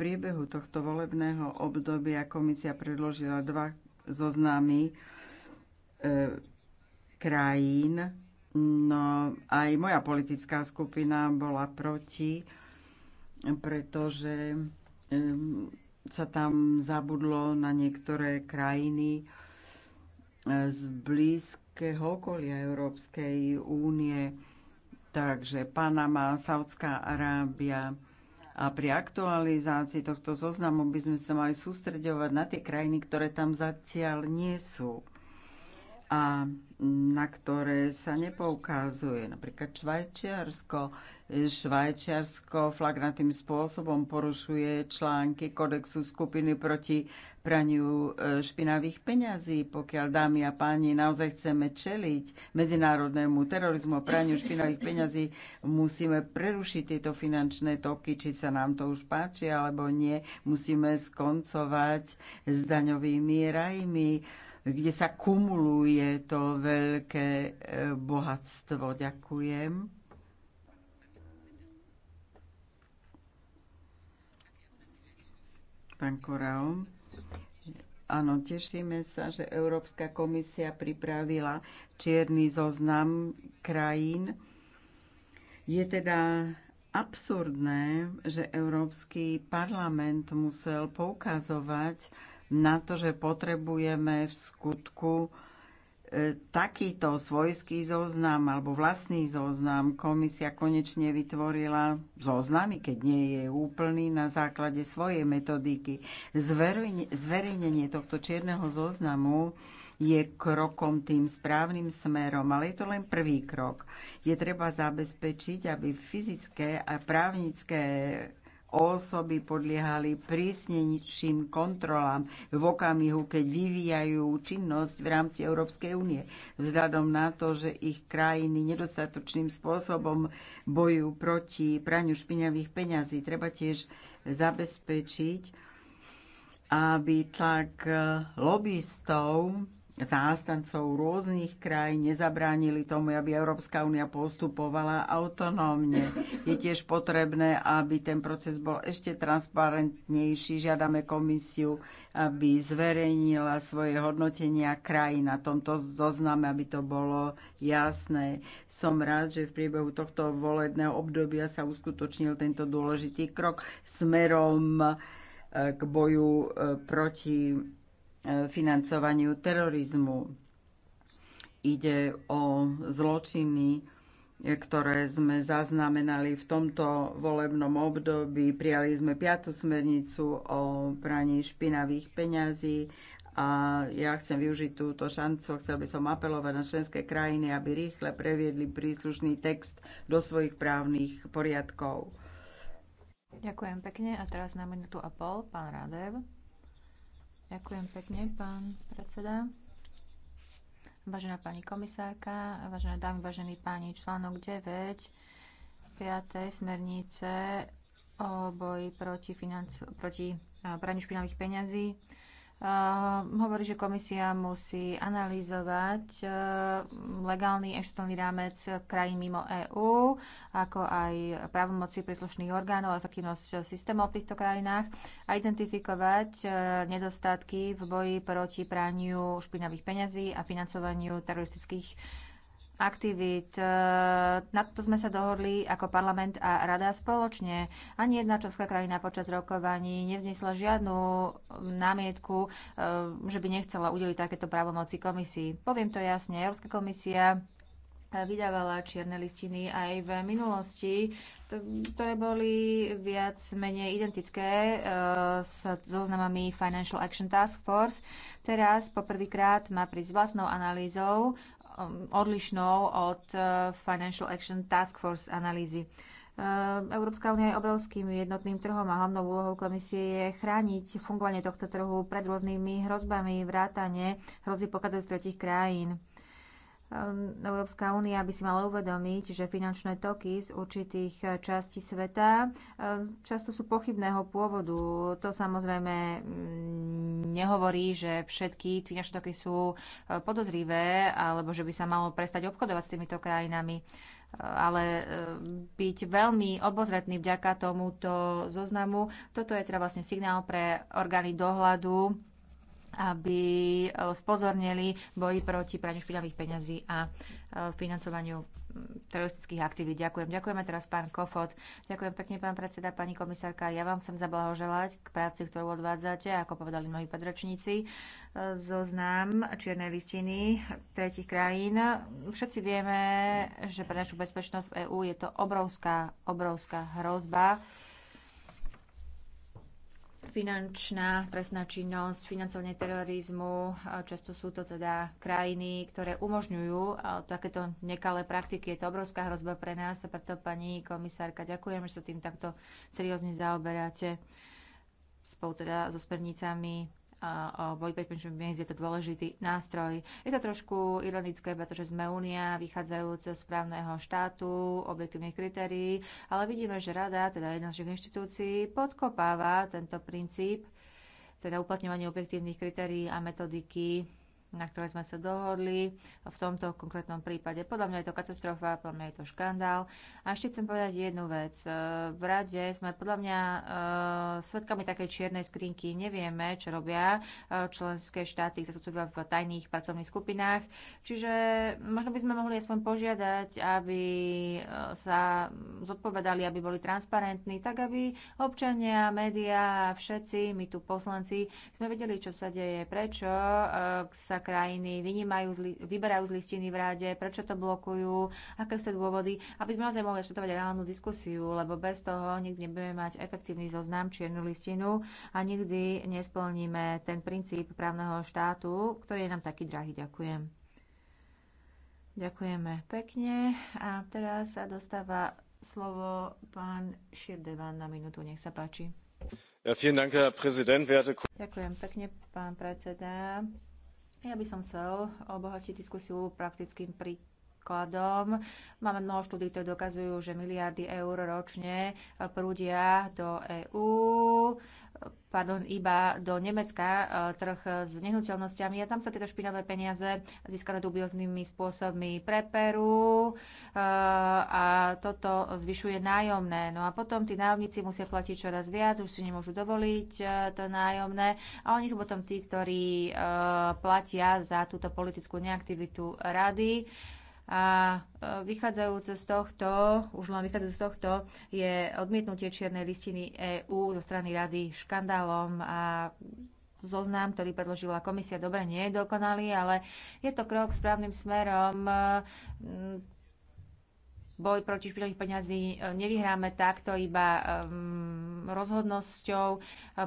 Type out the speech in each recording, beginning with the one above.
priebehu tohto volebného obdobia komisia predložila dva zoznamy e, krajín. No aj moja politická skupina bola proti, pretože e, sa tam zabudlo na niektoré krajiny e, z blízkeho okolia Európskej únie. Takže Panama, Saudská Arábia, a pri aktualizácii tohto zoznamu by sme sa mali sústreďovať na tie krajiny, ktoré tam zatiaľ nie sú a na ktoré sa nepoukazuje. Napríklad Švajčiarsko. Švajčiarsko flagrantným spôsobom porušuje články kodexu skupiny proti praniu e, špinavých peňazí. Pokiaľ dámy a páni naozaj chceme čeliť medzinárodnému terorizmu a praniu špinavých peňazí, musíme prerušiť tieto finančné toky, či sa nám to už páči alebo nie. Musíme skoncovať s daňovými rajmi kde sa kumuluje to veľké e, bohatstvo. Ďakujem. Pán Korao. Áno, tešíme sa, že Európska komisia pripravila čierny zoznam krajín. Je teda absurdné, že Európsky parlament musel poukazovať na to, že potrebujeme v skutku e, takýto svojský zoznam alebo vlastný zoznam komisia konečne vytvorila zoznamy, keď nie je úplný na základe svojej metodiky. Zverejnenie tohto čierneho zoznamu je krokom tým správnym smerom, ale je to len prvý krok. Je treba zabezpečiť, aby fyzické a právnické osoby podliehali prísnejším kontrolám v okamihu, keď vyvíjajú činnosť v rámci Európskej únie, vzhľadom na to, že ich krajiny nedostatočným spôsobom bojujú proti praniu špinavých peňazí. Treba tiež zabezpečiť, aby tlak lobbystov zástancov rôznych krajín nezabránili tomu, aby Európska únia postupovala autonómne. Je tiež potrebné, aby ten proces bol ešte transparentnejší. Žiadame komisiu, aby zverejnila svoje hodnotenia krajín na tomto zozname, aby to bolo jasné. Som rád, že v priebehu tohto voledného obdobia sa uskutočnil tento dôležitý krok smerom eh, k boju eh, proti financovaniu terorizmu. Ide o zločiny, ktoré sme zaznamenali v tomto volebnom období. Prijali sme piatu smernicu o praní špinavých peňazí a ja chcem využiť túto šancu, chcel by som apelovať na členské krajiny, aby rýchle previedli príslušný text do svojich právnych poriadkov. Ďakujem pekne a teraz na minútu a pol pán Radev. Ďakujem pekne, pán predseda. Vážená pani komisárka, vážená dámy, vážení páni, článok 9 5. smernice o boji proti, financ- proti praniu špinavých peňazí Ehm, hovorí, že komisia musí analyzovať ehm, legálny inštitucionálny rámec krajín mimo EÚ, ako aj právomoci príslušných orgánov, efektivnosť systémov v týchto krajinách a identifikovať ehm, nedostatky v boji proti praniu špinavých peňazí a financovaniu teroristických aktivít. E, na to sme sa dohodli ako parlament a rada spoločne. Ani jedna členská krajina počas rokovaní nevznesla žiadnu námietku, e, že by nechcela udeliť takéto právomoci komisii. Poviem to jasne, Európska komisia vydávala čierne listiny aj v minulosti, ktoré boli viac menej identické e, s zoznamami Financial Action Task Force. Teraz poprvýkrát má prísť vlastnou analýzou Um, odlišnou od uh, Financial Action Task Force analýzy. Uh, Európska únia je obrovským jednotným trhom a hlavnou úlohou komisie je chrániť fungovanie tohto trhu pred rôznymi hrozbami, vrátane hrozí pokazov z tretich krajín. Ehm, Európska únia by si mala uvedomiť, že finančné toky z určitých eh, častí sveta eh, často sú pochybného pôvodu. To samozrejme mm, nehovorí, že všetky finančné toky sú eh, podozrivé alebo že by sa malo prestať obchodovať s týmito krajinami ale byť veľmi obozretný vďaka tomuto zoznamu. Toto je teda vlastne signál pre orgány dohľadu aby e, spozornili boji proti praniu špinavých peňazí a e, financovaniu teroristických aktivít. Ďakujem. Ďakujeme teraz pán Kofot. Ďakujem pekne, pán predseda, pani komisárka. Ja vám chcem zablahoželať k práci, ktorú odvádzate, ako povedali mnohí padračníci. E, zoznam čiernej listiny tretich krajín. Všetci vieme, že pre našu bezpečnosť v EÚ je to obrovská, obrovská hrozba. Finančná trestná činnosť, financovanie terorizmu, často sú to teda krajiny, ktoré umožňujú takéto nekalé praktiky. Je to obrovská hrozba pre nás a preto, pani komisárka, ďakujem, že sa tým takto seriózne zaoberáte spolu teda so spernicami o boji proti peniazy je to dôležitý nástroj. Je to trošku ironické, pretože sme únia vychádzajúce z právneho štátu, objektívnych kritérií, ale vidíme, že rada, teda jedna z našich inštitúcií, podkopáva tento princíp, teda uplatňovanie objektívnych kritérií a metodiky na ktorej sme sa dohodli v tomto konkrétnom prípade. Podľa mňa je to katastrofa, podľa mňa je to škandál. A ešte chcem povedať jednu vec. E, v rade sme podľa mňa e, svetkami takej čiernej skrinky. Nevieme, čo robia e, členské štáty, sa sú v tajných pracovných skupinách. Čiže možno by sme mohli aspoň požiadať, aby sa zodpovedali, aby boli transparentní, tak aby občania, médiá, všetci, my tu poslanci, sme vedeli, čo sa deje, prečo sa krajiny vynímajú, zli, vyberajú z listiny v rade, prečo to blokujú, aké sú dôvody, aby sme naozaj mohli študovať reálnu diskusiu, lebo bez toho nikdy nebudeme mať efektívny zoznam či jednu listinu a nikdy nesplníme ten princíp právneho štátu, ktorý je nám taký drahý. Ďakujem. Ďakujeme pekne. A teraz sa dostáva slovo pán Širdevan na minútu. Nech sa páči. Ja, Dank, Ďakujem pekne, pán predseda, ja by som chcel obohatiť diskusiu praktickým príkladom. Máme mnoho štúdí, ktoré dokazujú, že miliardy eur ročne prúdia do EÚ pardon, iba do Nemecka e, trh s nehnuteľnosťami a tam sa tieto špinavé peniaze získané dubioznými spôsobmi preperú e, a toto zvyšuje nájomné. No a potom tí nájomníci musia platiť čoraz viac, už si nemôžu dovoliť e, to nájomné a oni sú potom tí, ktorí platia za túto politickú neaktivitu rady a e, vychádzajúce z tohto, už len vychádzajúce z tohto, je odmietnutie čiernej listiny EÚ zo strany rady škandálom a zoznam, ktorý predložila komisia. Dobre, nie je dokonalý, ale je to krok správnym smerom e, boj proti špinavých peňazí e, nevyhráme takto iba rozhodnosťou,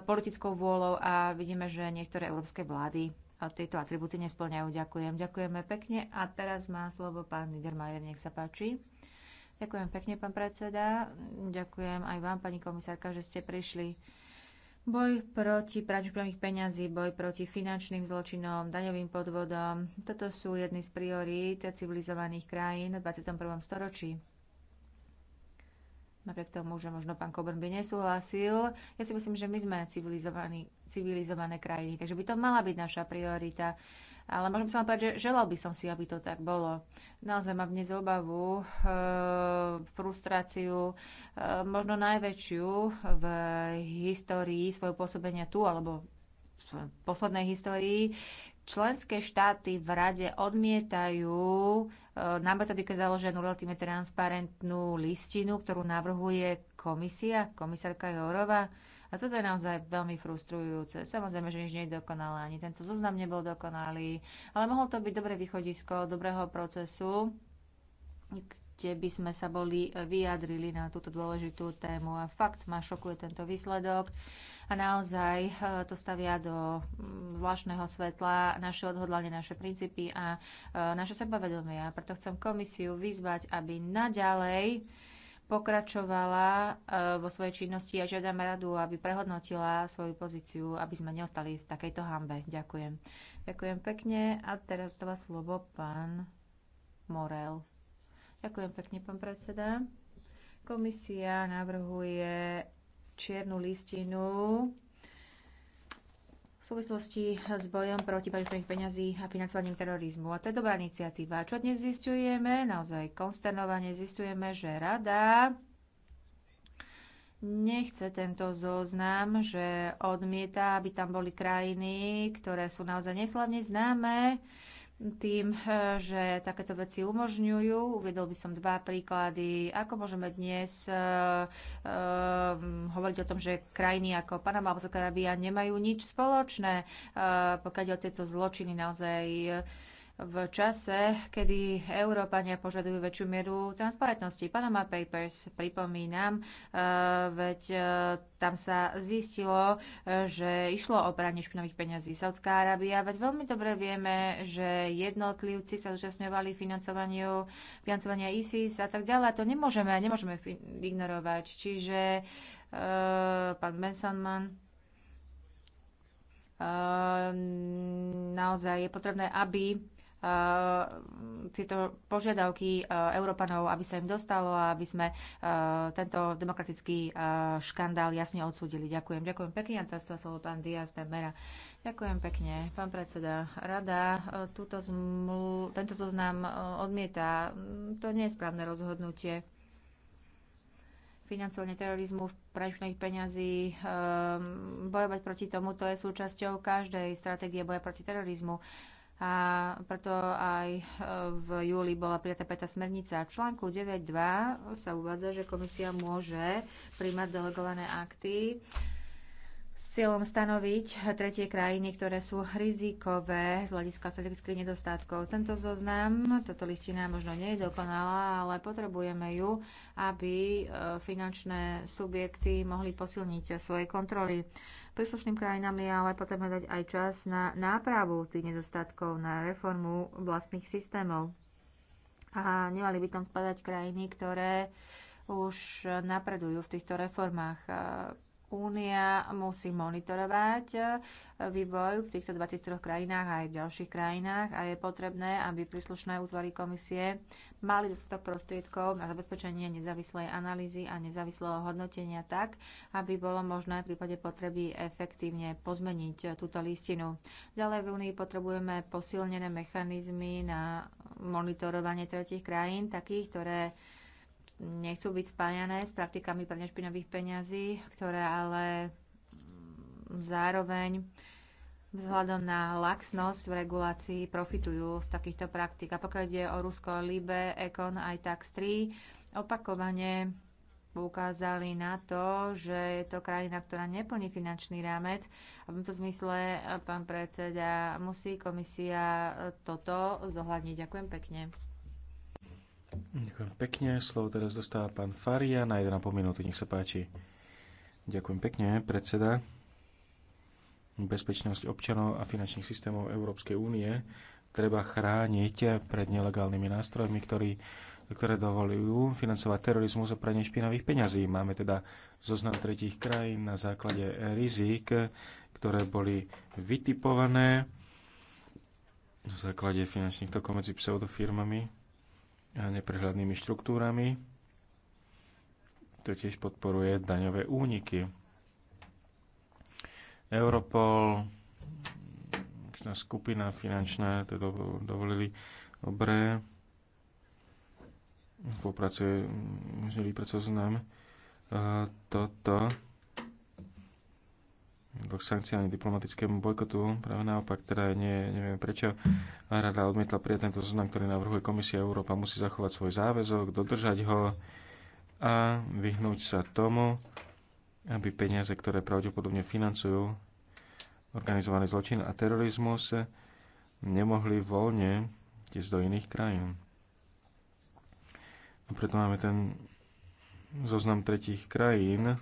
politickou vôľou a vidíme, že niektoré európske vlády tieto atributy nesplňajú. Ďakujem. Ďakujeme pekne. A teraz má slovo pán Niedermajer, Nech sa páči. Ďakujem pekne, pán predseda. Ďakujem aj vám, pani komisárka, že ste prišli. Boj proti praniu peňazí, boj proti finančným zločinom, daňovým podvodom, toto sú jedny z priorít civilizovaných krajín v 21. storočí. Napriek tomu, že možno pán Coburn by nesúhlasil, ja si myslím, že my sme civilizované krajiny, takže by to mala byť naša priorita. Ale môžem sa vám povedať, že želal by som si, aby to tak bolo. Naozaj mám dnes obavu, e, frustráciu, e, možno najväčšiu v histórii svojho pôsobenia tu, alebo v poslednej histórii. Členské štáty v rade odmietajú na metodike založenú relatívne transparentnú listinu, ktorú navrhuje komisia, komisárka Jourová. A toto je naozaj veľmi frustrujúce. Samozrejme, že nič nie je dokonalé, ani tento zoznam nebol dokonalý, ale mohol to byť dobré východisko dobrého procesu, kde by sme sa boli vyjadrili na túto dôležitú tému. A fakt ma šokuje tento výsledok. Uh, a naozaj eh, to stavia do mm, zvláštneho svetla naše odhodlanie, naše princípy a eh, naše sebavedomie. A preto chcem komisiu vyzvať, aby naďalej pokračovala eh, vo svojej činnosti a žiadam radu, aby prehodnotila svoju pozíciu, aby sme neostali v takejto hambe. Ďakujem. Ďakujem pekne a teraz dáva slovo pán Morel. Ďakujem pekne, pán predseda. Komisia navrhuje čiernu listinu v súvislosti s bojom proti praniu peňazí a financovaním terorizmu. A to je dobrá iniciatíva. Čo dnes zistujeme? Naozaj konsternovane zistujeme, že rada nechce tento zoznam, že odmieta, aby tam boli krajiny, ktoré sú naozaj neslavne známe, tým, eh, že takéto veci umožňujú. Uvedol by som dva príklady, ako môžeme dnes uh, uh, hovoriť o tom, že krajiny ako Panama alebo Karabia nemajú nič spoločné, uh, pokiaľ o tieto zločiny naozaj uh, v čase, kedy Európania požadujú väčšiu mieru transparentnosti. Panama Papers, pripomínam, eh, veď eh, tam sa zistilo, eh, že išlo o pranie špinavých peňazí. Saudská Arábia, veď veľmi dobre vieme, že jednotlivci sa zúčastňovali financovaniu, financovania ISIS a tak ďalej. To nemôžeme, nemôžeme ignorovať. Čiže pán Bensanman, naozaj je potrebné, aby tieto požiadavky Európanov, aby sa im dostalo a aby sme tento demokratický škandál jasne odsúdili. Ďakujem. Ďakujem pekne. Ja to slovo pán Diaz de Mera. Ďakujem pekne. Pán predseda, rada e, túto zmlu, tento zoznam e, odmieta. To nie je správne rozhodnutie financovanie terorizmu, prajšných peňazí. Um, bojovať proti tomu, to je súčasťou každej stratégie boja proti terorizmu a preto aj e, v júli bola prijatá 5. smernica. V článku 9.2 sa uvádza, že komisia môže príjmať delegované akty cieľom stanoviť tretie krajiny, ktoré sú rizikové z hľadiska strategických nedostatkov. Tento zoznam, toto listina možno nie je dokonalá, ale potrebujeme ju, aby e, finančné subjekty mohli posilniť e, svoje kontroly. Príslušným krajinám je ale potrebné dať aj čas na nápravu tých nedostatkov, na reformu vlastných systémov. A nemali by tam spadať krajiny, ktoré už napredujú v týchto reformách. Únia musí monitorovať e, vývoj v týchto 23 krajinách a aj v ďalších krajinách a je potrebné, aby príslušné útvary komisie mali dostatok prostriedkov na zabezpečenie nezávislej analýzy a nezávislého hodnotenia tak, aby bolo možné v prípade potreby efektívne pozmeniť e, túto listinu. Ďalej v Únii potrebujeme posilnené mechanizmy na monitorovanie tretich krajín, takých, ktoré nechcú byť spájané s praktikami prania špinavých peňazí, ktoré ale mm, zároveň vzhľadom na laxnosť v regulácii profitujú z takýchto praktik. A pokiaľ ide o Rusko, Libe, Econ aj Tax 3, opakovane poukázali na to, že je to krajina, ktorá neplní finančný rámec. A v tomto zmysle, pán predseda, musí komisia toto zohľadniť. Ďakujem pekne. Ďakujem pekne. Slovo teraz dostáva pán Faria na 1,5 minúty. Nech sa páči. Ďakujem pekne, predseda. Bezpečnosť občanov a finančných systémov Európskej únie treba chrániť pred nelegálnymi nástrojmi, ktorý, ktoré dovolujú financovať terorizmus a pranie špinavých peňazí. Máme teda zoznam tretích krajín na základe rizik, ktoré boli vytipované na základe finančných tokov medzi pseudofirmami a neprehľadnými štruktúrami. To tiež podporuje daňové úniky. Europol, skupina finančná, to dovolili dobre, spolupracuje, mm, vypracovať s nám e, toto k sankciám diplomatickému bojkotu. Práve naopak, teda nie, neviem prečo, rada odmietla prijať tento zoznam, ktorý navrhuje komisia Európa. Musí zachovať svoj záväzok, dodržať ho a vyhnúť sa tomu, aby peniaze, ktoré pravdepodobne financujú organizovaný zločin a terorizmus, nemohli voľne ísť do iných krajín. A preto máme ten zoznam tretích krajín,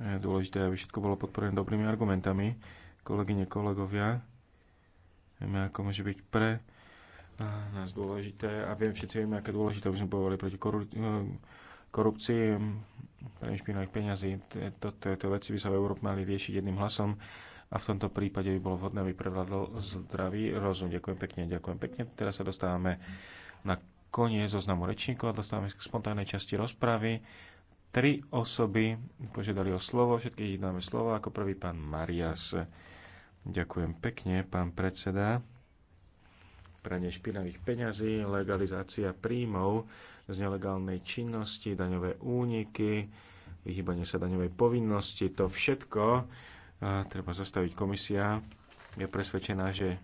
dôležité, aby všetko bolo podporené dobrými argumentami. Kolegyne, kolegovia, vieme, ako môže byť pre nás dôležité a viem, všetci vieme, aké dôležité by sme bojovali proti e, korupcii, pre špinavých peňazí. Tieto veci by sa v Európe mali riešiť jedným hlasom a v tomto prípade by bolo vhodné, aby prevládol zdravý rozum. Ďakujem pekne, ďakujem pekne. Teraz sa dostávame na koniec zoznamu rečníkov a dostávame k spontánnej časti rozpravy. Tri osoby požiadali o slovo, všetkých dáme slovo, ako prvý pán Marias. Ďakujem pekne, pán predseda. Pranie špinavých peňazí, legalizácia príjmov z nelegálnej činnosti, daňové úniky, vyhýbanie sa daňovej povinnosti, to všetko treba zastaviť komisia. Je presvedčená, že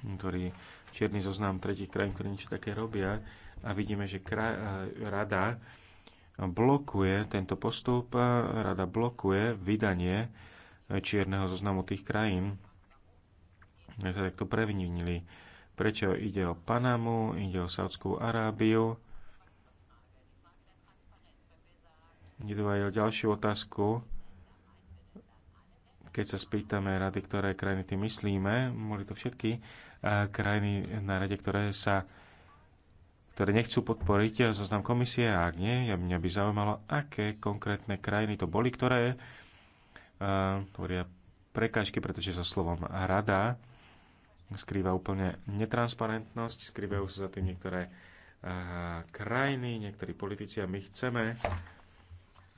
ktorý čierny zoznam tretich krajín, ktorí niečo také robia a vidíme, že kraj, rada blokuje tento postup, rada blokuje vydanie čierneho zoznamu tých krajín, ktoré sa takto previnili. Prečo ide o Panamu, ide o Saudskú Arábiu. Ide aj o ďalšiu otázku. Keď sa spýtame rady, ktoré krajiny tým myslíme, boli to všetky eh, krajiny na rade, ktoré sa ktoré nechcú podporiť zoznam komisie a ak nie, ja mňa by zaujímalo, aké konkrétne krajiny to boli, ktoré uh, tvoria prekážky, pretože so slovom rada skrýva úplne netransparentnosť, skrývajú sa za tým niektoré uh, krajiny, niektorí politici a my chceme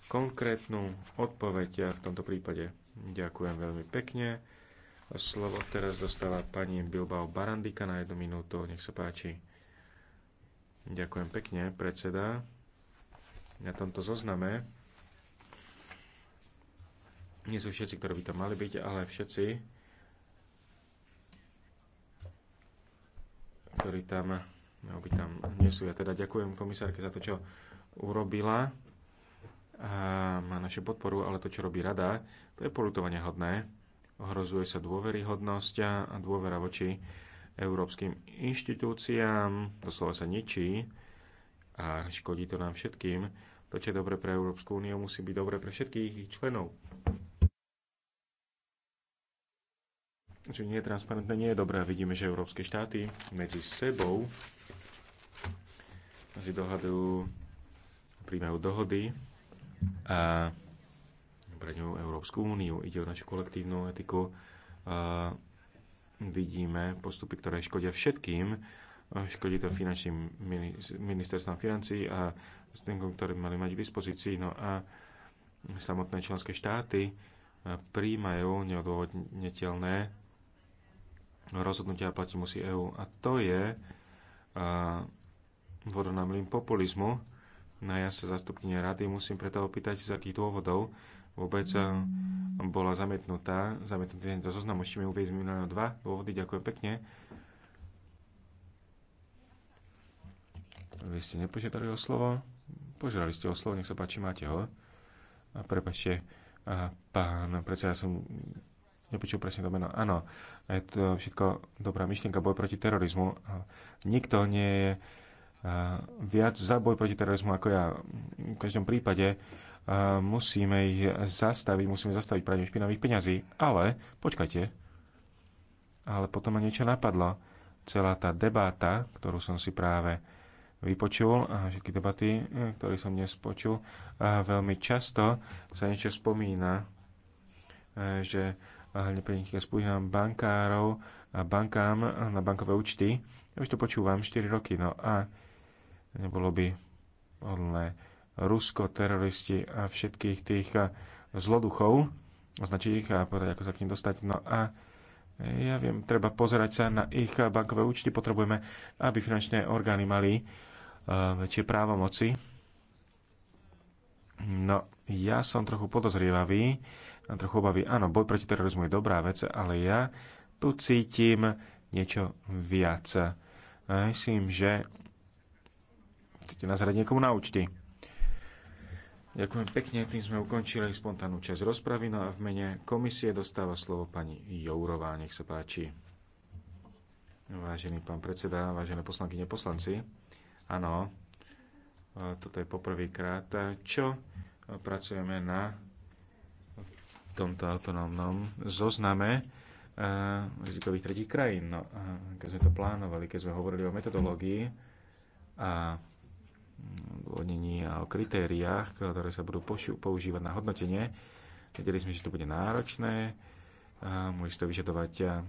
konkrétnu odpoveď v tomto prípade. Ďakujem veľmi pekne. Slovo teraz dostáva pani Bilbao Barandika na jednu minútu. Nech sa páči. Ďakujem pekne, predseda. Na tomto zozname nie sú všetci, ktorí by tam mali byť, ale všetci, ktorí tam, no, by tam nie sú. Ja teda ďakujem komisárke za to, čo urobila a má našu podporu, ale to, čo robí rada, to je polutovanie hodné. Ohrozuje sa dôveryhodnosť a dôvera voči európskym inštitúciám, doslova sa ničí a škodí to nám všetkým. To, čo je dobre pre Európsku úniu, musí byť dobre pre všetkých ich členov. Čo nie je transparentné, nie je dobré. Vidíme, že európske štáty medzi sebou si dohadujú, príjmajú dohody a pre ňu Európsku úniu. Ide o našu kolektívnu etiku vidíme postupy, ktoré škodia všetkým. Škodí to finančným ministerstvom financí a s tým, ktoré mali mať k dispozícii. No a samotné členské štáty e, príjmajú neodôvodniteľné rozhodnutia a platí musí EÚ. A to je e, vodonámlým populizmu. No ja sa zastupkynia rady musím preto opýtať, z akých dôvodov vôbec eh, bola zamietnutá, zamietnutý tento zoznam. Môžete mi uvieť minimálne dva dôvody. Ďakujem pekne. Vy ste nepožiadali o slovo. Požiadali ste o slovo, nech sa páči, máte ho. A prepačte, a pán predseda, ja som nepočul presne to meno. Áno, je to všetko dobrá myšlienka, boj proti terorizmu. Nikto nie je eh, viac za boj proti terorizmu ako ja. V každom prípade musíme ich zastaviť, musíme zastaviť pranie špinavých peňazí. Ale, počkajte, ale potom ma niečo napadlo. Celá tá debáta, ktorú som si práve vypočul, a všetky debaty, eh, ktoré som dnes počul, a veľmi často sa niečo spomína, eh, že neplníka spomínam bankárov a bankám na bankové účty. Ja už to počúvam 4 roky, no a nebolo by odlné. Rusko, teroristi a všetkých tých eh, zloduchov, označiť ich a povedať, ako sa k ním dostať. No a eh, ja viem, treba pozerať sa na ich eh, bankové účty. Potrebujeme, aby finančné orgány mali väčšie právomoci. No, ja som trochu podozrievavý, a trochu obavy. Áno, boj proti terorizmu je dobrá vec, ale ja tu cítim niečo viac. Myslím, že chcete hrať niekomu na účty. Ďakujem pekne, tým sme ukončili spontánnu časť rozpravy. No a v mene komisie dostáva slovo pani Jourová, nech sa páči. Vážený pán predseda, vážené poslankyne, poslanci, áno, toto je poprvýkrát, čo pracujeme na tomto autonómnom zozname rizikových tretich krajín. No, keď sme to plánovali, keď sme hovorili o metodológii a odvodnení a o kritériách, ktoré sa budú používať na hodnotenie. Vedeli sme, že to bude náročné, môže to vyžadovať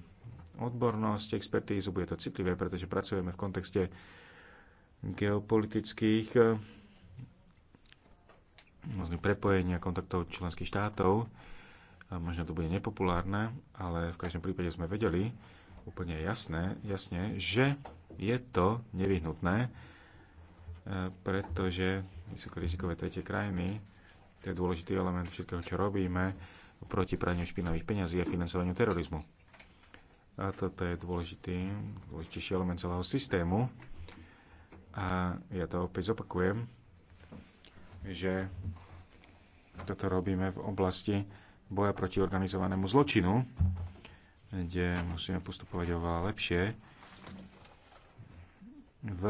odbornosť, expertízu, bude to citlivé, pretože pracujeme v kontexte geopolitických možno prepojenia kontaktov členských štátov. možno to bude nepopulárne, ale v každom prípade sme vedeli úplne jasné, jasne, že je to nevyhnutné E, pretože vysokorizikové tretie krajiny, to je dôležitý element všetkého, čo robíme, proti praniu špinavých peňazí a financovaniu terorizmu. A toto je dôležitý, dôležitejší element celého systému. A ja to opäť zopakujem, že toto robíme v oblasti boja proti organizovanému zločinu, kde musíme postupovať oveľa lepšie v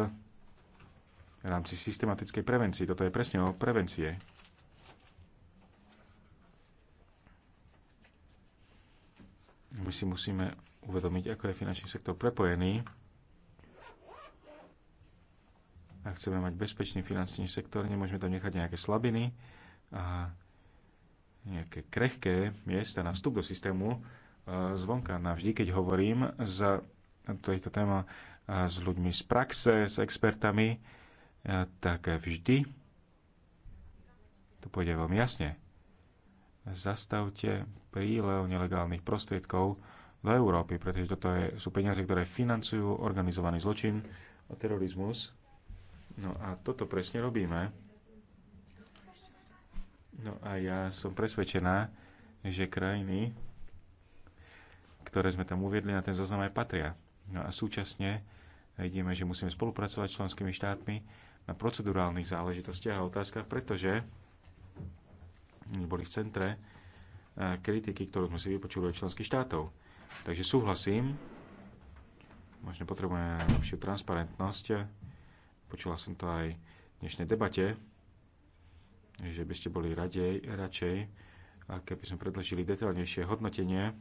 v rámci systematickej prevencie. Toto je presne o prevencie. My si musíme uvedomiť, ako je finančný sektor prepojený ak chceme mať bezpečný finančný sektor, nemôžeme tam nechať nejaké slabiny a nejaké krehké miesta na vstup do systému e, zvonka. Navždy, keď hovorím za tejto téma e, s ľuďmi z praxe, s expertami, tak vždy, to pôjde veľmi jasne, zastavte prílev nelegálnych prostriedkov do Európy, pretože toto je, sú peniaze, ktoré financujú organizovaný zločin a terorizmus. No a toto presne robíme. No a ja som presvedčená, že krajiny, ktoré sme tam uviedli na ten zoznam aj patria. No a súčasne vidíme, že musíme spolupracovať s členskými štátmi na procedurálnych záležitostiach a otázkach, pretože boli v centre eh, kritiky, ktorú sme si vypočuli od členských štátov. Takže súhlasím, možno potrebujeme lepšiu transparentnosť. Počula som to aj v dnešnej debate, že by ste boli radej, radšej, keby sme predložili detaľnejšie hodnotenie.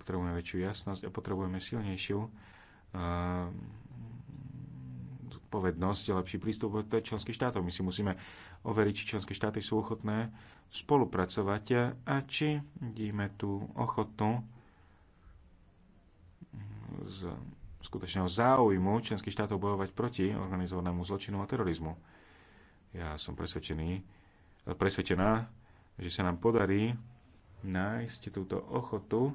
Potrebujeme väčšiu jasnosť a potrebujeme silnejšiu uh, zodpovednosť, lepší prístup od členských štátov. My si musíme overiť, či členské štáty sú ochotné spolupracovať a či vidíme tú ochotu z skutočného záujmu členských štátov bojovať proti organizovanému zločinu a terorizmu. Ja som presvedčený, presvedčená, že sa nám podarí nájsť túto ochotu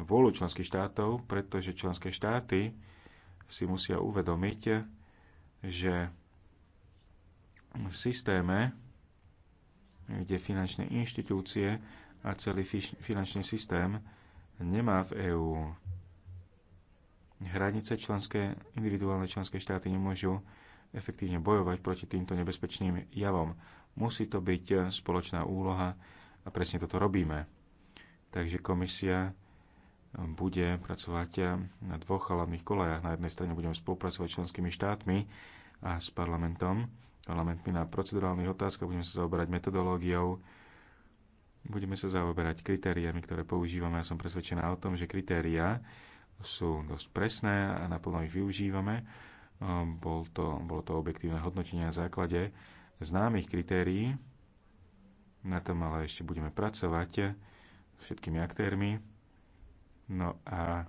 vôľu členských štátov, pretože členské štáty si musia uvedomiť, že v systéme, kde finančné inštitúcie a celý finančný systém nemá v EÚ hranice členské, individuálne členské štáty nemôžu efektívne bojovať proti týmto nebezpečným javom. Musí to byť spoločná úloha a presne toto robíme. Takže komisia bude pracovať eh, na dvoch hlavných kolejach. Na jednej strane budeme spolupracovať s členskými štátmi a s parlamentom, parlamentmi na procedurálnych otázkach, budeme sa zaoberať metodológiou, budeme sa zaoberať kritériami, ktoré používame. Ja som presvedčená o tom, že kritéria sú dosť presné a naplno ich využívame. Eh, bol to, bolo to objektívne hodnotenie na základe známych kritérií. Na tom ale ešte budeme pracovať eh, s všetkými aktérmi No a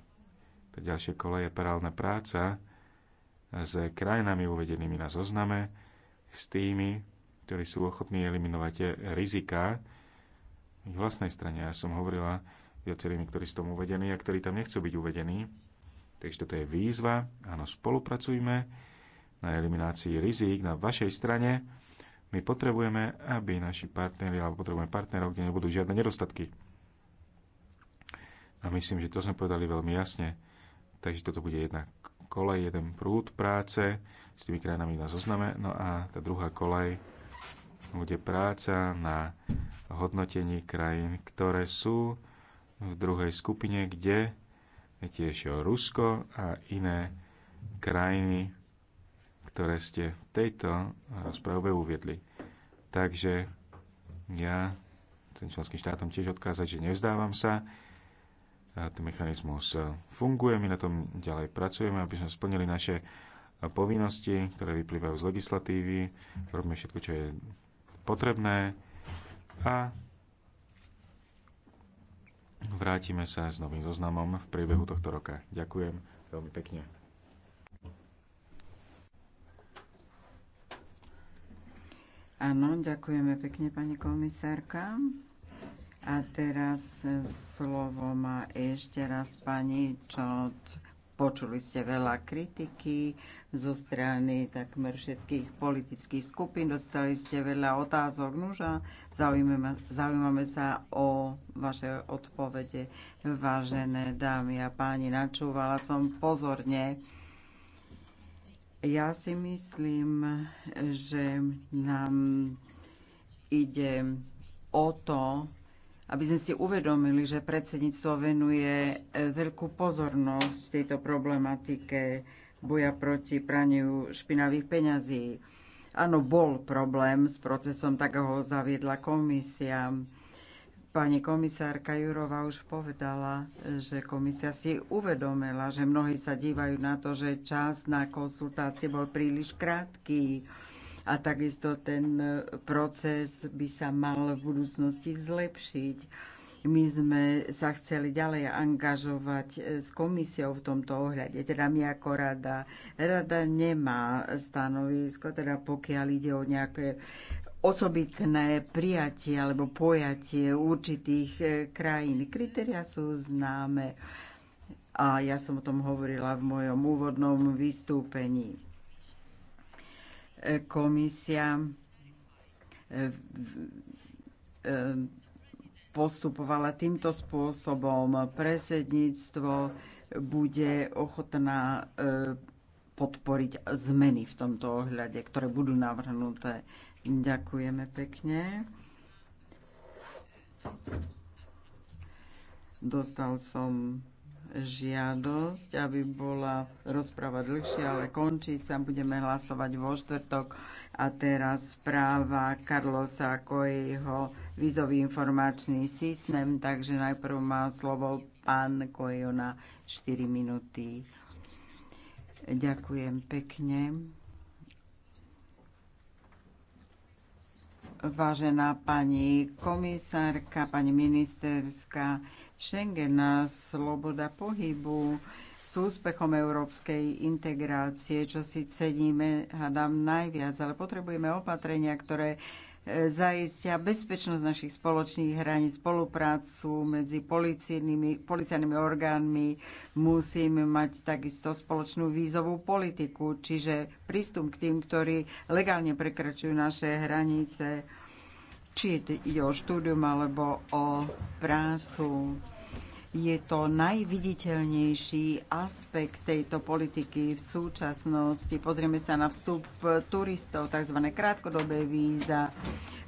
to ďalšie kole je parálna práca s krajinami uvedenými na zozname, s tými, ktorí sú ochotní eliminovať rizika v ich vlastnej strane. Ja som hovorila viacerými, ktorí sú tomu uvedení a ktorí tam nechcú byť uvedení. Takže toto je výzva. Áno, spolupracujme na eliminácii rizik na vašej strane. My potrebujeme, aby naši partneri, alebo potrebujeme partnerov, kde nebudú žiadne nedostatky a myslím, že to sme povedali veľmi jasne. Takže toto bude jedna kolej, jeden prúd práce s tými krajinami na zozname. No a tá druhá kolej bude práca na hodnotení krajín, ktoré sú v druhej skupine, kde je tiež Rusko a iné krajiny, ktoré ste v tejto rozprave uviedli. Takže ja chcem členským štátom tiež odkázať, že nevzdávam sa, ten mechanizmus eh, funguje. My na tom ďalej pracujeme, aby sme splnili naše povinnosti, ktoré vyplývajú z legislatívy. Robíme všetko, čo je potrebné a vrátime sa s novým zoznamom v priebehu tohto roka. Ďakujem veľmi pekne. Áno, ďakujeme pekne, pani komisárka. A teraz slovo má ešte raz pani Čot. Počuli ste veľa kritiky zo strany takmer všetkých politických skupín, dostali ste veľa otázok. Nuža, zaujímame, sa o vaše odpovede, vážené dámy a páni. Načúvala som pozorne. Ja si myslím, že nám ide o to, aby sme si uvedomili, že predsedníctvo venuje e, veľkú pozornosť tejto problematike boja proti praniu špinavých peňazí. Áno, bol problém s procesom, tak ho zaviedla komisia. Pani komisárka Jurova už povedala, e, že komisia si uvedomila, že mnohí sa dívajú na to, že čas na konsultácie bol príliš krátky a takisto ten e, proces by sa mal v budúcnosti zlepšiť. My sme sa chceli ďalej angažovať e, s komisiou v tomto ohľade, teda my ako rada. Rada nemá stanovisko, teda pokiaľ ide o nejaké osobitné prijatie alebo pojatie určitých e, krajín. Kritéria sú známe a ja som o tom hovorila v mojom úvodnom vystúpení komisia e, e, postupovala týmto spôsobom. Presedníctvo bude ochotná e, podporiť zmeny v tomto ohľade, ktoré budú navrhnuté. Ďakujeme pekne. Dostal som žiadosť, aby bola rozpráva dlhšia, ale končí sa, budeme hlasovať vo štvrtok. A teraz správa ako jeho vízový informačný systém, takže najprv má slovo pán Kojo na 4 minúty. Ďakujem pekne. Vážená pani komisárka, pani ministerská, Schengen a sloboda pohybu s úspechom európskej integrácie, čo si ceníme, hádam, najviac, ale potrebujeme opatrenia, ktoré zaistia bezpečnosť našich spoločných hraníc, spoluprácu medzi policajnými orgánmi. Musíme mať takisto spoločnú vízovú politiku, čiže prístup k tým, ktorí legálne prekračujú naše hranice, či ide o štúdium alebo o prácu je to najviditeľnejší aspekt tejto politiky v súčasnosti. Pozrieme sa na vstup turistov, tzv. krátkodobé víza.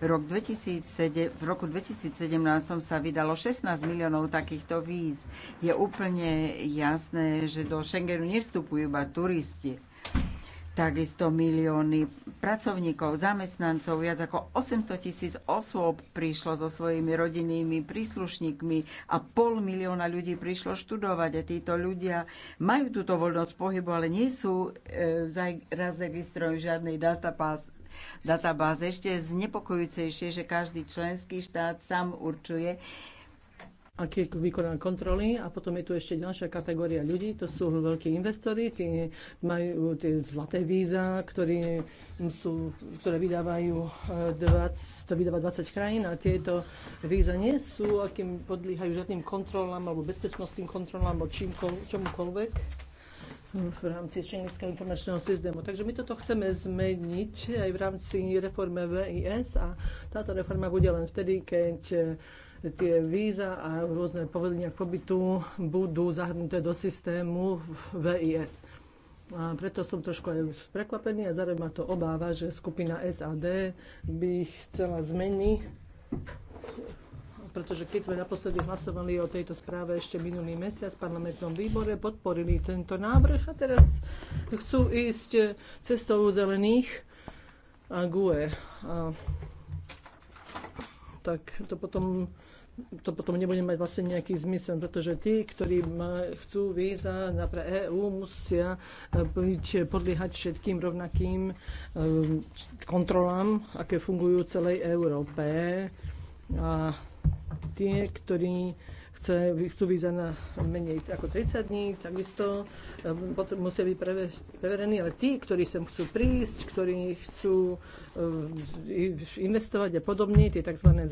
Rok 2007, v roku 2017 som sa vydalo 16 miliónov takýchto víz. Je úplne jasné, že do Schengenu nevstupujú iba turisti, takisto milióny pracovníkov, zamestnancov, viac ako 800 tisíc osôb prišlo so svojimi rodinnými príslušníkmi a pol milióna ľudí prišlo študovať a títo ľudia majú túto voľnosť pohybu, ale nie sú e, zaregistrovaní v žiadnej databáze databáze. Ešte znepokojúcejšie, že každý členský štát sám určuje, aké vykoná kontroly a potom je tu ešte ďalšia kategória ľudí, to sú veľkí investori, tí majú tie zlaté víza, ktorí sú, ktoré vydávajú 20, eh, to vydáva 20 krajín a tieto víza nie sú, akým podliehajú žiadnym kontrolám alebo bezpečnostným kontrolám alebo čímkoľ, čomukoľvek v rámci Schengenského informačného systému. Takže my toto chceme zmeniť aj v rámci reforme VIS a táto reforma bude len vtedy, keď eh, tie víza a rôzne povedenia pobytu budú zahrnuté do systému VIS. A preto som trošku aj prekvapený a zároveň ma to obáva, že skupina SAD by chcela zmeny pretože keď sme naposledy hlasovali o tejto správe ešte minulý mesiac v parlamentnom výbore, podporili tento návrh a teraz chcú ísť cestou zelených a GUE. A tak to potom to potom nebude mať vlastne nejaký zmysel, pretože tí, ktorí chcú víza na pre EÚ, musia eh, byť, eh, podliehať všetkým rovnakým eh, kontrolám, aké fungujú celej Európe. A tie, ktorí chce, chcú byť za menej ako 30 dní, takisto ehm, potom musia byť preverení, ale tí, ktorí sem chcú prísť, ktorí chcú ehm, investovať a podobne, tie tzv. E,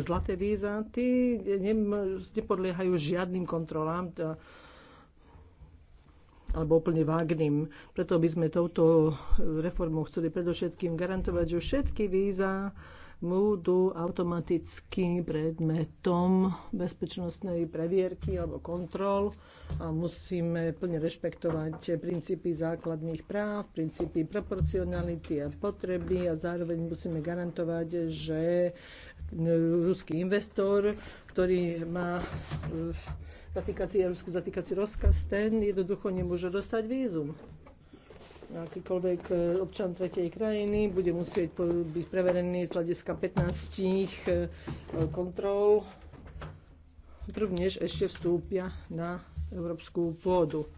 zlaté víza, tí nepodliehajú žiadnym kontrolám alebo úplne vágným. Preto by sme touto reformou chceli predovšetkým garantovať, že všetky víza budú automaticky predmetom bezpečnostnej previerky alebo kontrol a musíme plne rešpektovať princípy základných práv, princípy proporcionality a potreby a zároveň musíme garantovať, že ruský investor, ktorý má e, zatýkací, zatýkací rozkaz, ten jednoducho nemôže dostať vízum akýkoľvek e, občan tretej krajiny bude musieť byť preverený z hľadiska 15 e, kontrol, prvnež ešte vstúpia na európsku pôdu.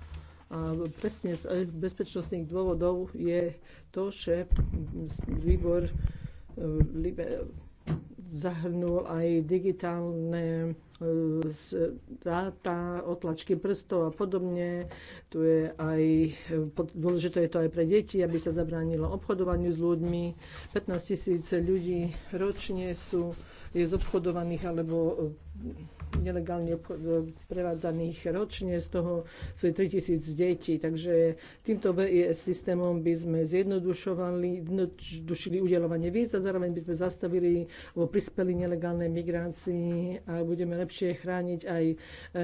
A presne z e- bezpečnostných dôvodov je to, že výbor zahrnul aj digitálne e, dáta, otlačky prstov a podobne. Tu je aj, dôležité je to aj pre deti, aby sa zabránilo obchodovaniu s ľuďmi. 15 tisíc ľudí ročne sú z obchodovaných alebo e, nelegálne e, prevádzaných ročne, z toho sú 3000 detí. Takže týmto VIS systémom by sme zjednodušovali, zjednodušili udelovanie víz a zároveň by sme zastavili alebo prispeli nelegálnej migrácii a budeme lepšie chrániť aj e,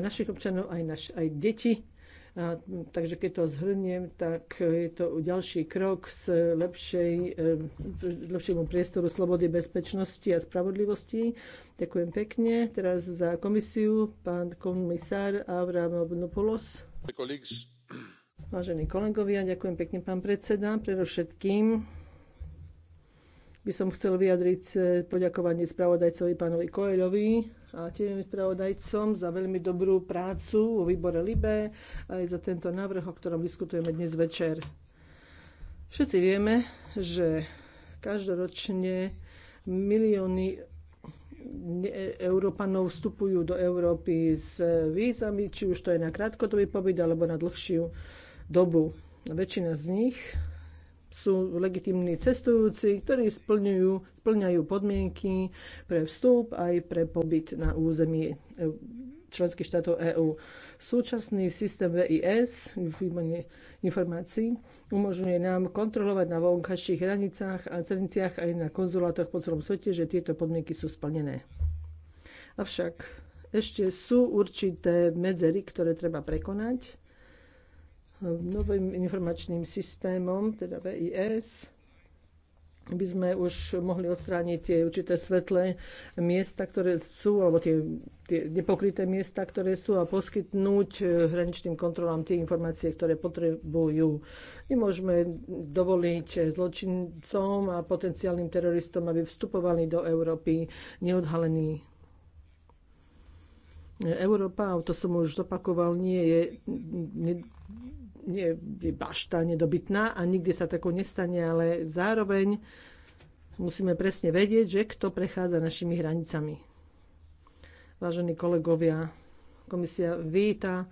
našich občanov, aj, naš, aj deti a, takže keď to zhrniem, tak je to ďalší krok s lepšej, e, lepšiemu priestoru slobody, bezpečnosti a spravodlivosti. Ďakujem pekne. Teraz za komisiu pán komisár Obnopoulos. Vážení kolegovia, ďakujem pekne pán predseda. Predovšetkým by som chcel vyjadriť e, poďakovanie spravodajcovi pánovi Koeľovi a tým spravodajcom za veľmi dobrú prácu vo výbore LIBE aj za tento návrh, o ktorom diskutujeme dnes večer. Všetci vieme, že každoročne milióny Európanov vstupujú do Európy s vízami, či už to je na krátkodobý pobyt alebo na dlhšiu dobu. Väčšina z nich sú legitimní cestujúci, ktorí splňujú, splňajú podmienky pre vstup aj pre pobyt na území e členských štátov EÚ. Súčasný systém VIS, výmene informácií, umožňuje nám kontrolovať na vonkajších hranicách a cerniciach aj na konzulátoch po celom svete, že tieto podmienky sú splnené. Avšak ešte sú určité medzery, ktoré treba prekonať novým informačným systémom, teda VIS, by sme už mohli odstrániť tie určité svetlé miesta, ktoré sú, alebo tie, tie nepokryté miesta, ktoré sú a poskytnúť eh, hraničným kontrolám tie informácie, ktoré potrebujú. Nemôžeme dovoliť eh, zločincom a potenciálnym teroristom, aby vstupovali do Európy neodhalení. Eh, Európa, to som už zopakoval, nie je je bašta nedobytná a nikdy sa tako nestane, ale zároveň musíme presne vedieť, že kto prechádza našimi hranicami. Vážení kolegovia, komisia víta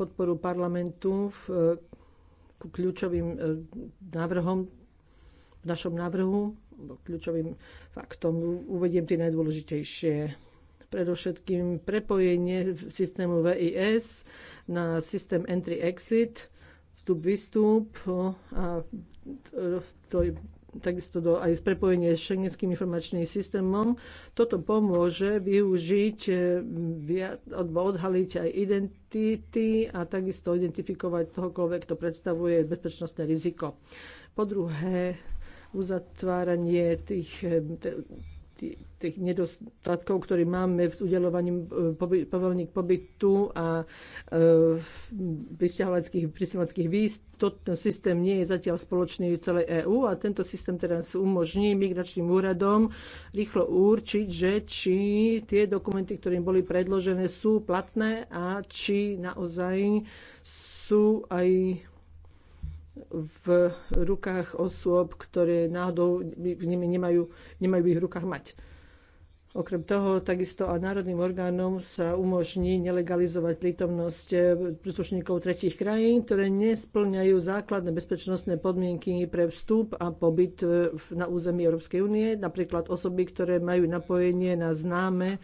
podporu parlamentu v, k kľúčovým e, návrhom v našom návrhu, kľúčovým faktom uvediem tie najdôležitejšie. Predovšetkým prepojenie systému VIS na systém entry-exit, vstup-výstup a to je takisto do, aj prepojenie s šengenským informačným systémom. Toto pomôže využiť, e, alebo odhaliť aj identity a takisto identifikovať tohokoľvek, kto predstavuje bezpečnostné riziko. Po druhé, uzatváranie tých e, tých nedostatkov, ktoré máme v udelovaní e, povolení k pobytu a e, prisťahovaleckých víz. Toto systém nie je zatiaľ spoločný v celej EÚ a tento systém teraz umožní migračným úradom rýchlo určiť, že či tie dokumenty, ktoré im boli predložené, sú platné a či naozaj sú aj v rukách osôb, ktoré náhodou v nemajú, nemajú v ich rukách mať. Okrem toho, takisto a národným orgánom sa umožní nelegalizovať prítomnosť príslušníkov tretich krajín, ktoré nesplňajú základné bezpečnostné podmienky pre vstup a pobyt na území Európskej únie, napríklad osoby, ktoré majú napojenie na známe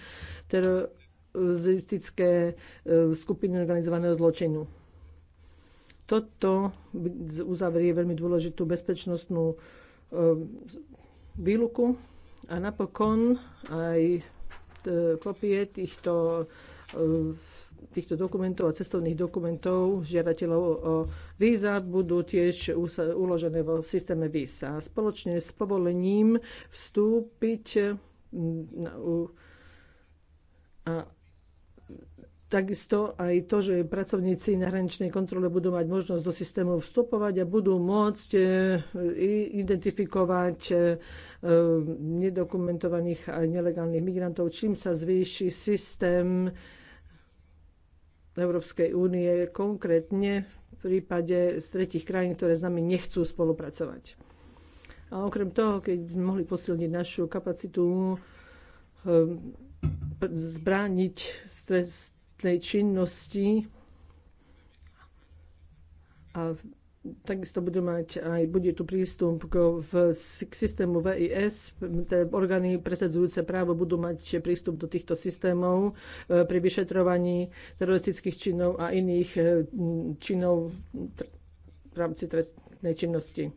teroristické e, skupiny organizovaného zločinu. Toto uzavrie veľmi dôležitú bezpečnostnú eh, výluku a napokon aj eh, kopie týchto eh, týchto dokumentov a cestovných dokumentov žiadateľov o víza budú tiež uložené vo systéme visa. Spoločne s povolením vstúpiť mm, na, a Takisto aj to, že pracovníci na hraničnej kontrole budú mať možnosť do systému vstupovať a budú môcť e, identifikovať e, e, nedokumentovaných a nelegálnych migrantov, čím sa zvýši systém Európskej únie, konkrétne v prípade z tretich krajín, ktoré s nami nechcú spolupracovať. A okrem toho, keď sme mohli posilniť našu kapacitu zbrániť. stres tej činnosti a takisto budú mať aj, bude tu prístup k, v, k systému VIS, tie orgány presadzujúce právo budú mať prístup do týchto systémov e, pri vyšetrovaní teroristických činov a iných e, činov v rámci trestnej činnosti.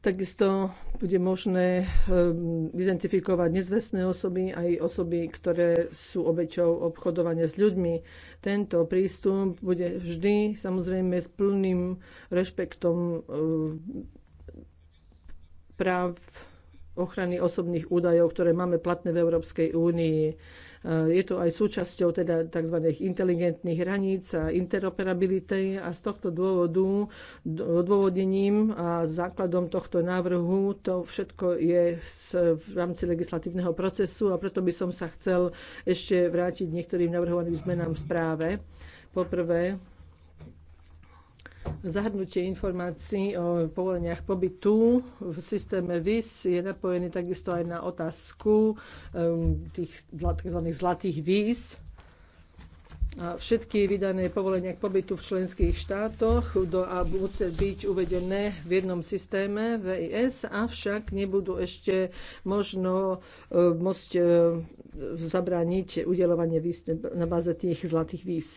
Takisto bude možné ehm, identifikovať nezvestné osoby aj osoby, ktoré sú obeťou obchodovania s ľuďmi. Tento prístup bude vždy samozrejme s plným rešpektom ehm, práv ochrany osobných údajov, ktoré máme platné v Európskej únii. Eh, je to aj súčasťou teda tzv. inteligentných hraníc a interoperability a z tohto dôvodu odôvodnením a základom tohto návrhu to všetko je v rámci legislatívneho procesu a preto by som sa chcel ešte vrátiť niektorým navrhovaným zmenám v správe. Poprvé, Zahrnutie informácií o povoleniach pobytu v systéme VIS je napojený takisto aj na otázku ehm, tých tzv. zlatých víz. A všetky vydané povolenia k pobytu v členských štátoch do, a musia byť uvedené v jednom systéme VIS, avšak nebudú ešte možno ehm, môcť ehm, zabrániť udelovanie víz na báze tých zlatých víz.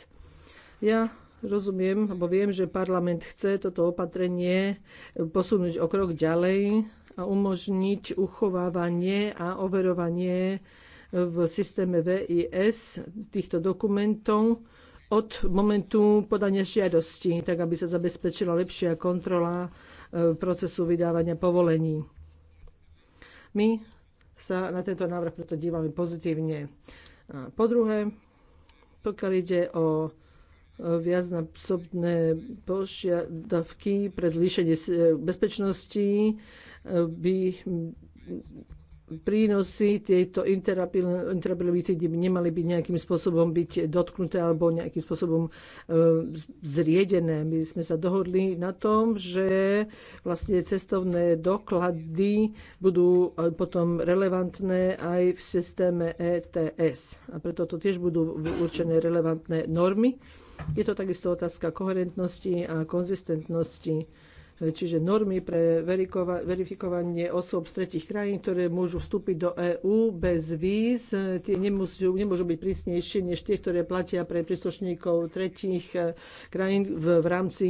Ja rozumiem, lebo viem, že parlament chce toto opatrenie posunúť o krok ďalej a umožniť uchovávanie a overovanie v systéme VIS týchto dokumentov od momentu podania žiadosti, tak aby sa zabezpečila lepšia kontrola e, procesu vydávania povolení. My sa na tento návrh preto dívame pozitívne. A po druhé, pokiaľ ide o psobné požiadavky pre zvýšenie bezpečnosti e, by prínosy tejto interoperability by nemali byť nejakým spôsobom byť dotknuté alebo nejakým spôsobom e, zriedené. My sme sa dohodli na tom, že vlastne cestovné doklady budú e, potom relevantné aj v systéme ETS. A preto to tiež budú určené relevantné normy je to takisto otázka koherentnosti a konzistentnosti čiže normy pre verifikovanie osôb z tretich krajín, ktoré môžu vstúpiť do EÚ bez víz. Tie nemusú, nemôžu byť prísnejšie než tie, ktoré platia pre príslušníkov tretich eh, krajín v, v rámci,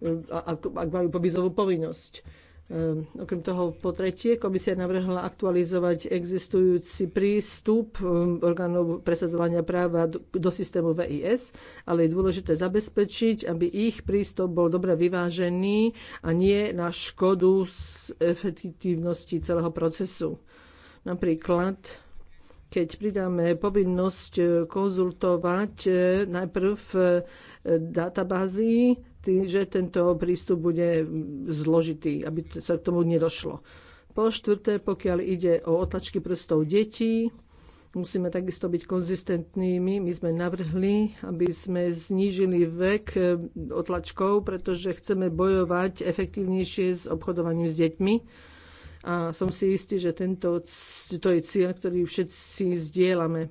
eh, ak, ak majú povízovú povinnosť. Ehm, okrem toho po tretie komisia navrhla aktualizovať existujúci prístup ehm, orgánov presadzovania práva do systému VIS, ale je dôležité zabezpečiť, aby ich prístup bol dobre vyvážený a nie na škodu z efektívnosti celého procesu. Napríklad keď pridáme povinnosť eh, konzultovať eh, najprv eh, databázy tý, že tento prístup bude zložitý, aby sa k tomu nedošlo. Po štvrté, pokiaľ ide o otlačky prstov detí, musíme takisto byť konzistentnými. My sme navrhli, aby sme znížili vek e, otlačkov, pretože chceme bojovať efektívnejšie s obchodovaním s deťmi. A som si istý, že tento, to je cieľ, ktorý všetci zdieľame.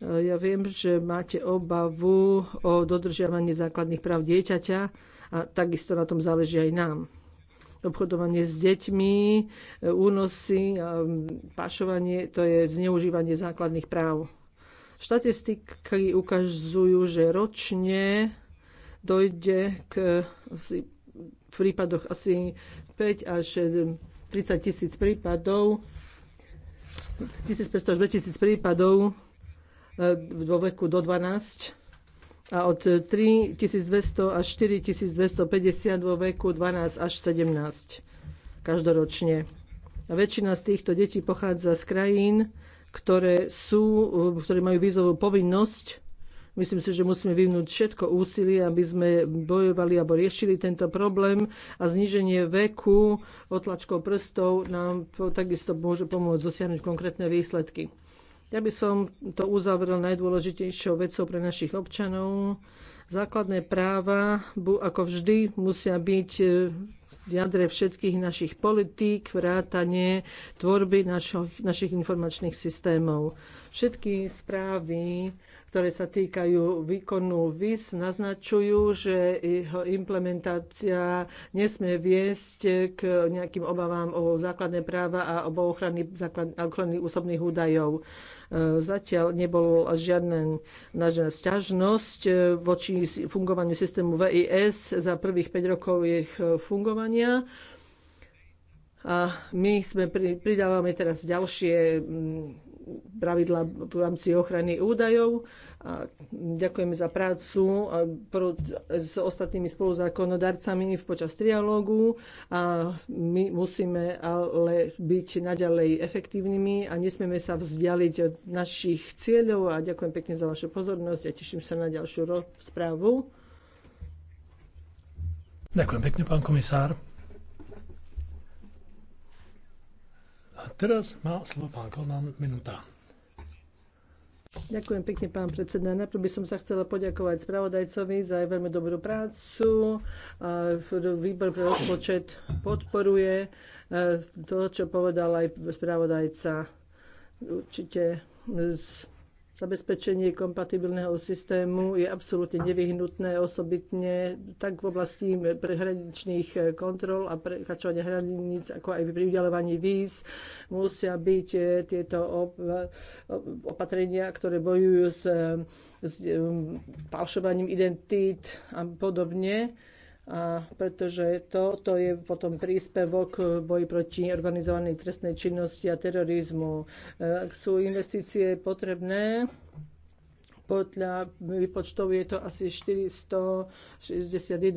Ja viem, že máte obavu o dodržiavanie základných práv dieťaťa a takisto na tom záleží aj nám obchodovanie s deťmi, únosy, pašovanie, to je zneužívanie základných práv. Štatistiky ukazujú, že ročne dojde k v prípadoch asi 5 až 30 tisíc prípadov, 1500 až 2000 prípadov vo veku do 12 a od 3200 až 4250 vo veku 12 až 17 každoročne. A väčšina z týchto detí pochádza z krajín, ktoré, sú, ktoré majú vízovú povinnosť. Myslím si, že musíme vyvnúť všetko úsilie, aby sme bojovali alebo riešili tento problém a zníženie veku otlačkou prstov nám takisto môže pomôcť dosiahnuť konkrétne výsledky. Ja by som to uzavrel najdôležitejšou vecou pre našich občanov. Základné práva, ako vždy, musia byť e, v jadre všetkých našich politík, vrátanie tvorby našo, našich informačných systémov. Všetky správy, ktoré sa týkajú výkonu VIS, naznačujú, že jeho implementácia nesmie viesť k nejakým obavám o základné práva a o ochrany, základ, ochrany osobných údajov. E, zatiaľ nebolo žiadna, žiadna sťažnosť e, voči fungovaniu systému VIS za prvých 5 rokov ich e, fungovania. A my sme pridávame teraz ďalšie pravidla v rámci ochrany údajov. A ďakujeme za prácu s ostatnými spoluzákonodarcami počas trialógu a my musíme ale byť naďalej efektívnymi a nesmieme sa vzdialiť od našich cieľov a ďakujem pekne za vašu pozornosť a teším sa na ďalšiu správu. Ďakujem pekne, pán komisár. Teraz má slovo pán Kolman, minúta. Ďakujem pekne, pán predseda. Najprv by som sa chcela poďakovať spravodajcovi za aj veľmi dobrú prácu. Výbor pre rozpočet podporuje e, to, čo povedal aj spravodajca. Určite z Zabezpečenie kompatibilného systému je absolútne nevyhnutné, osobitne tak v oblasti prehraničných kontrol a prekračovania hraníc, ako aj pri udelovaní víz. Musia byť eh, tieto opatrenia, ktoré bojujú s, s eh, falšovaním identít a podobne a pretože toto je potom príspevok k boji proti organizovanej trestnej činnosti a terorizmu. E, ak sú investície potrebné, podľa výpočtov je to asi 461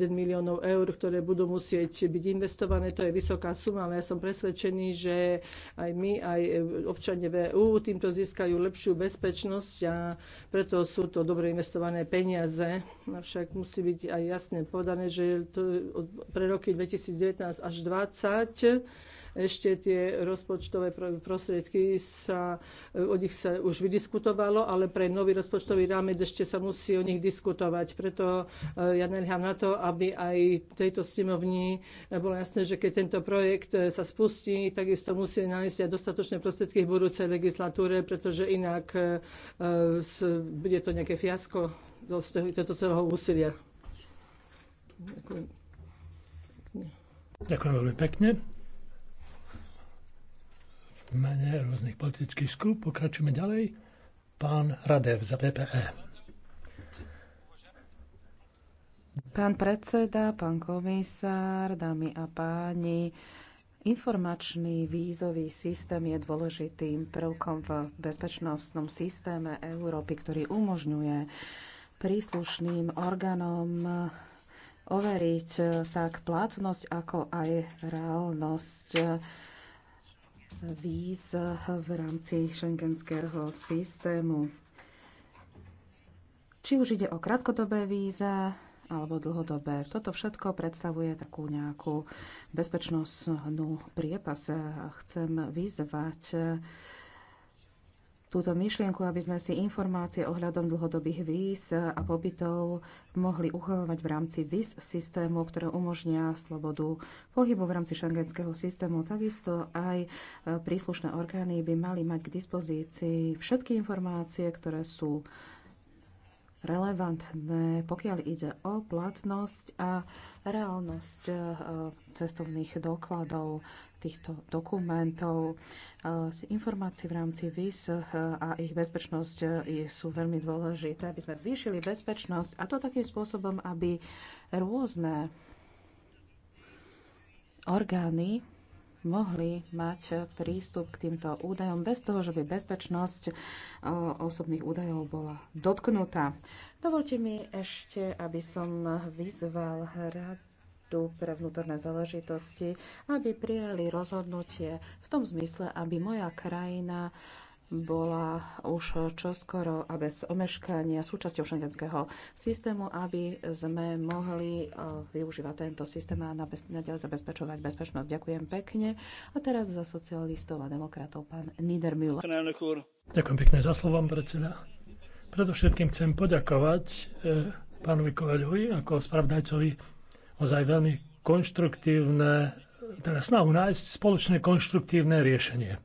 miliónov eur, ktoré budú musieť byť investované. To je vysoká suma, ale ja som presvedčený, že aj my, aj občania VU e týmto získajú lepšiu bezpečnosť a preto sú to dobre investované peniaze. Avšak musí byť aj jasne povedané, že to pre roky 2019 až 2020 ešte tie rozpočtové prostriedky sa, e, o nich sa už vydiskutovalo, ale pre nový rozpočtový rámec ešte sa musí o nich diskutovať. Preto e, ja nelieham na to, aby aj tejto snemovni e, bolo jasné, že keď tento projekt sa spustí, takisto musí nájsť aj dostatočné prostriedky v budúcej legislatúre, pretože inak bude to nejaké fiasko do tohto celého úsilia. Ďakujem. Ďakujem veľmi pekne mene rôznych politických skup. Pokračujeme ďalej. Pán Radev za PPE. Pán predseda, pán komisár, dámy a páni, informačný vízový systém je dôležitým prvkom v bezpečnostnom systéme Európy, ktorý umožňuje príslušným orgánom overiť tak platnosť, ako aj reálnosť víz v rámci šengenského systému. Či už ide o krátkodobé víza, alebo dlhodobé. Toto všetko predstavuje takú nejakú bezpečnostnú priepas. Chcem vyzvať túto myšlienku, aby sme si informácie ohľadom dlhodobých víz a pobytov mohli uchovávať v rámci víz systému, ktoré umožnia slobodu pohybu v rámci šengenského systému. Takisto aj e, príslušné orgány by mali mať k dispozícii všetky informácie, ktoré sú relevantné, pokiaľ ide o platnosť a reálnosť e, cestovných dokladov týchto dokumentov. E, informácie v rámci VIS e, a ich bezpečnosť sú veľmi dôležité, aby sme zvýšili bezpečnosť a to takým spôsobom, aby rôzne orgány mohli mať prístup k týmto údajom bez toho, že by bezpečnosť e, osobných údajov bola dotknutá. Dovolte mi ešte, aby som vyzval Radu pre vnútorné záležitosti, aby prijali rozhodnutie v tom zmysle, aby moja krajina bola už čoskoro a bez omeškania súčasťou šengenského systému, aby sme mohli e, využívať tento systém a nadalej zabezpečovať bezpečnosť. Ďakujem pekne. A teraz za socialistov a demokratov pán Niedermüller. Ďakujem pekne za slovo, predseda. Predovšetkým chcem poďakovať e, pánovi Kovaľovi ako spravdajcovi ozaj veľmi konštruktívne, teda snahu nájsť spoločné konštruktívne riešenie.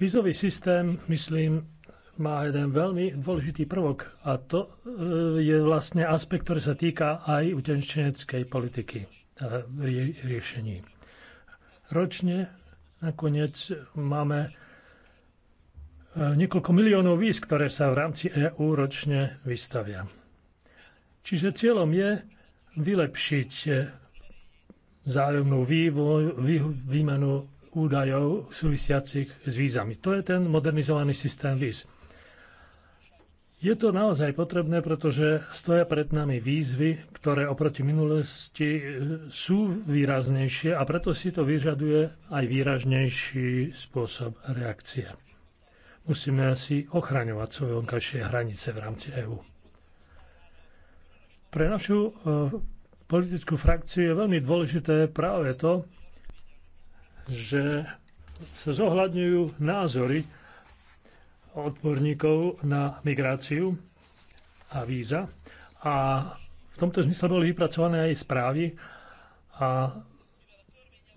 Vízový systém, myslím, má jeden veľmi dôležitý prvok a to e, je vlastne aspekt, ktorý sa týka aj utečeneckej politiky rie- riešení. Ročne nakoniec máme e, niekoľko miliónov víz, ktoré sa v rámci EÚ ročne vystavia. Čiže cieľom je vylepšiť e, zájomnú vývoj, vý, výmenu údajov súvisiacich s vízami. To je ten modernizovaný systém víz. Je to naozaj potrebné, pretože stoja pred nami výzvy, ktoré oproti minulosti e, sú výraznejšie a preto si to vyžaduje aj výraznejší spôsob reakcie. Musíme si ochraňovať svoje vonkajšie hranice v rámci EÚ. Pre našu e, politickú frakciu je veľmi dôležité práve to, že sa zohľadňujú názory odborníkov na migráciu a víza. A v tomto zmysle boli vypracované aj správy a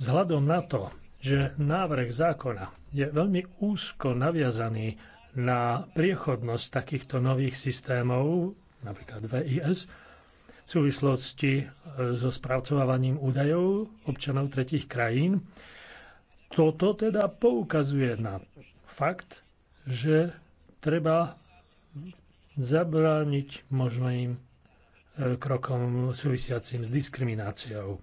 vzhľadom na to, že návrh zákona je veľmi úzko naviazaný na priechodnosť takýchto nových systémov, napríklad VIS, v súvislosti so spracovávaním údajov občanov tretich krajín, toto teda poukazuje na fakt, že treba zabrániť možným e, krokom súvisiacim s diskrimináciou.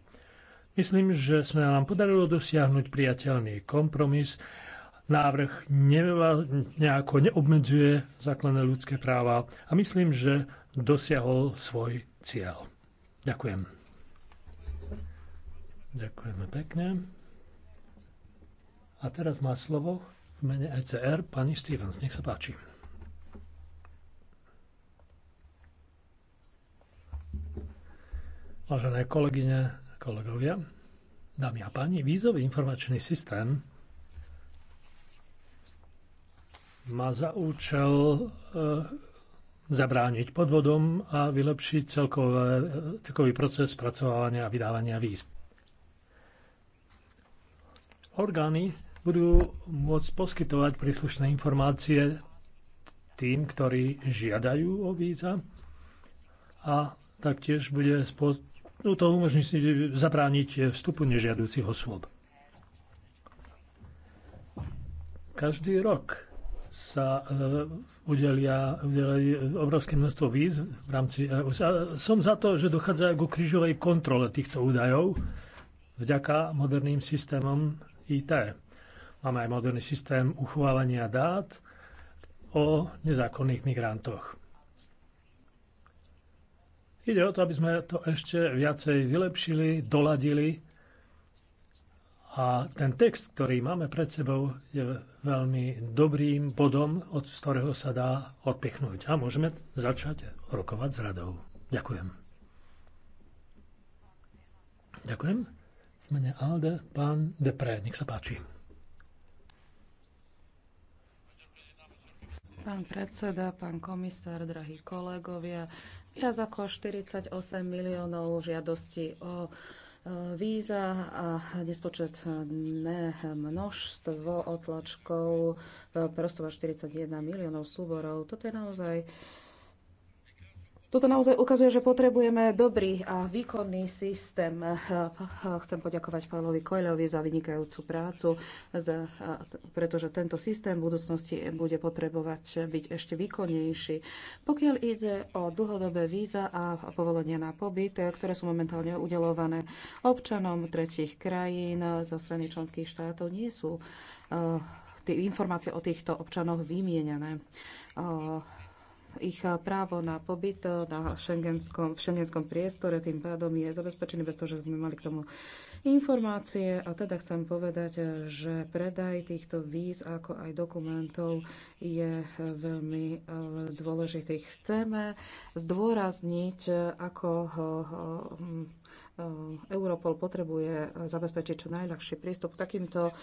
Myslím, že sme nám podarilo dosiahnuť priateľný kompromis. Návrh nejako neobmedzuje základné ľudské práva a myslím, že dosiahol svoj cieľ. Ďakujem. Ďakujeme pekne. A teraz má slovo v mene ECR pani Stevens. Nech sa páči. Vážené kolegyne, kolegovia, dámy a páni, vízový informačný systém má za účel e, zabrániť podvodom a vylepšiť celkové, e, celkový proces spracovávania a vydávania víz. Orgány budú môcť poskytovať príslušné informácie tým, ktorí žiadajú o víza a taktiež bude no to umožní zabrániť vstupu nežiadúcich osôb. Každý rok sa e, udelia, udelia obrovské množstvo víz v rámci EU. Som za to, že dochádza k krížovej kontrole týchto údajov vďaka moderným systémom IT. Máme aj moderný systém uchovávania dát o nezákonných migrantoch. Ide o to, aby sme to ešte viacej vylepšili, doladili a ten text, ktorý máme pred sebou, je veľmi dobrým bodom, od ktorého sa dá odpichnúť. A môžeme začať rokovať s radou. Ďakujem. Ďakujem. V mene Alde, pán Depré, nech sa páči. Pán predseda, pán komisár, drahí kolegovia, viac ako 48 miliónov žiadostí o e, víza a nespočetné množstvo otlačkov, prstov 41 miliónov súborov. Toto je naozaj toto naozaj ukazuje, že potrebujeme dobrý a výkonný systém. Chcem poďakovať Pavlovi Koileovi za vynikajúcu prácu, za, pretože tento systém v budúcnosti bude potrebovať byť ešte výkonnejší. Pokiaľ ide o dlhodobé víza a povolenia na pobyt, ktoré sú momentálne udelované občanom tretich krajín zo strany členských štátov, nie sú eh, informácie o týchto občanoch vymienené eh, ich eh, právo na pobyt eh, na šengenskom, v šengenskom priestore tým pádom je zabezpečený bez toho, že sme mali k tomu informácie. A teda chcem povedať, eh, že predaj týchto víz ako aj dokumentov je veľmi dôležitý. Chceme zdôrazniť, ako Eh, Europol potrebuje zabezpečiť čo najľahší prístup k takýmto eh,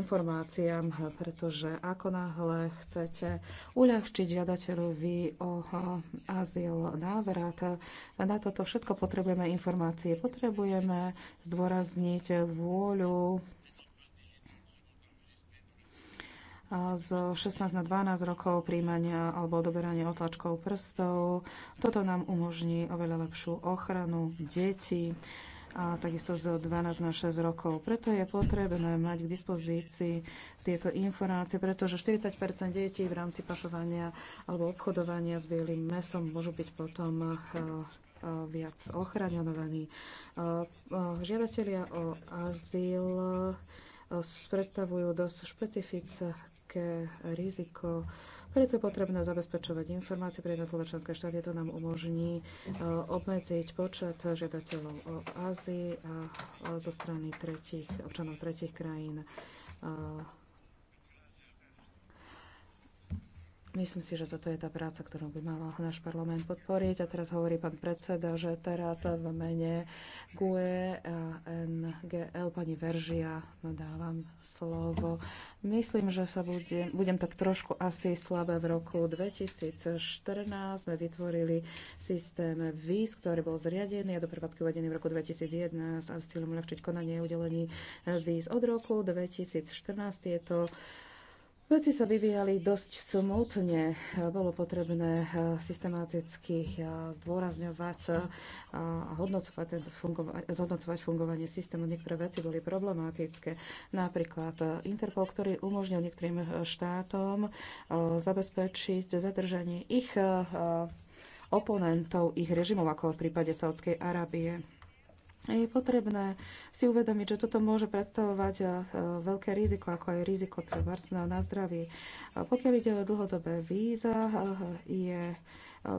informáciám, pretože ako náhle chcete uľahčiť žiadateľovi o eh, azyl návrat, na toto všetko potrebujeme informácie. Potrebujeme zdôrazniť vôľu z 16 na 12 rokov príjmania alebo odoberania otlačkov prstov. Toto nám umožní oveľa lepšiu ochranu detí a takisto z 12 na 6 rokov. Preto je potrebné mať k dispozícii tieto informácie, pretože 40 detí v rámci pašovania alebo obchodovania s bielým mesom môžu byť potom viac ochraňovaní. Žiadatelia o azyl predstavujú dosť špecifické veľké riziko. Preto je potrebné zabezpečovať informácie pre jednotlivé členské štáty. To nám umožní e, obmedziť počet žiadateľov o azyl a zo strany tretich, občanov tretich krajín e, Myslím si, že toto je tá práca, ktorú by mal náš parlament podporiť. A teraz hovorí pán predseda, že teraz v mene GUE a NGL pani Veržia no dávam slovo. Myslím, že sa budem, budem tak trošku asi slabé. V roku 2014 sme vytvorili systém víz, ktorý bol zriadený a do prevádzky uvedený v roku 2011 a s cieľom uľahčiť konanie udelení víz. Od roku 2014 je to. Veci sa vyvíjali dosť smutne. Bolo potrebné eh, systematicky eh, zdôrazňovať eh, a hodnocovať, fungova- zhodnocovať fungovanie systému. Niektoré veci boli problematické. Napríklad Interpol, ktorý umožnil niektorým štátom zabezpečiť zadržanie ich oponentov, ich režimov, ako v prípade Saudskej Arábie je potrebné si uvedomiť, že toto môže predstavovať e, veľké riziko, ako aj riziko trebárs na zdraví. Pokiaľ ide o dlhodobé víza, e, je e,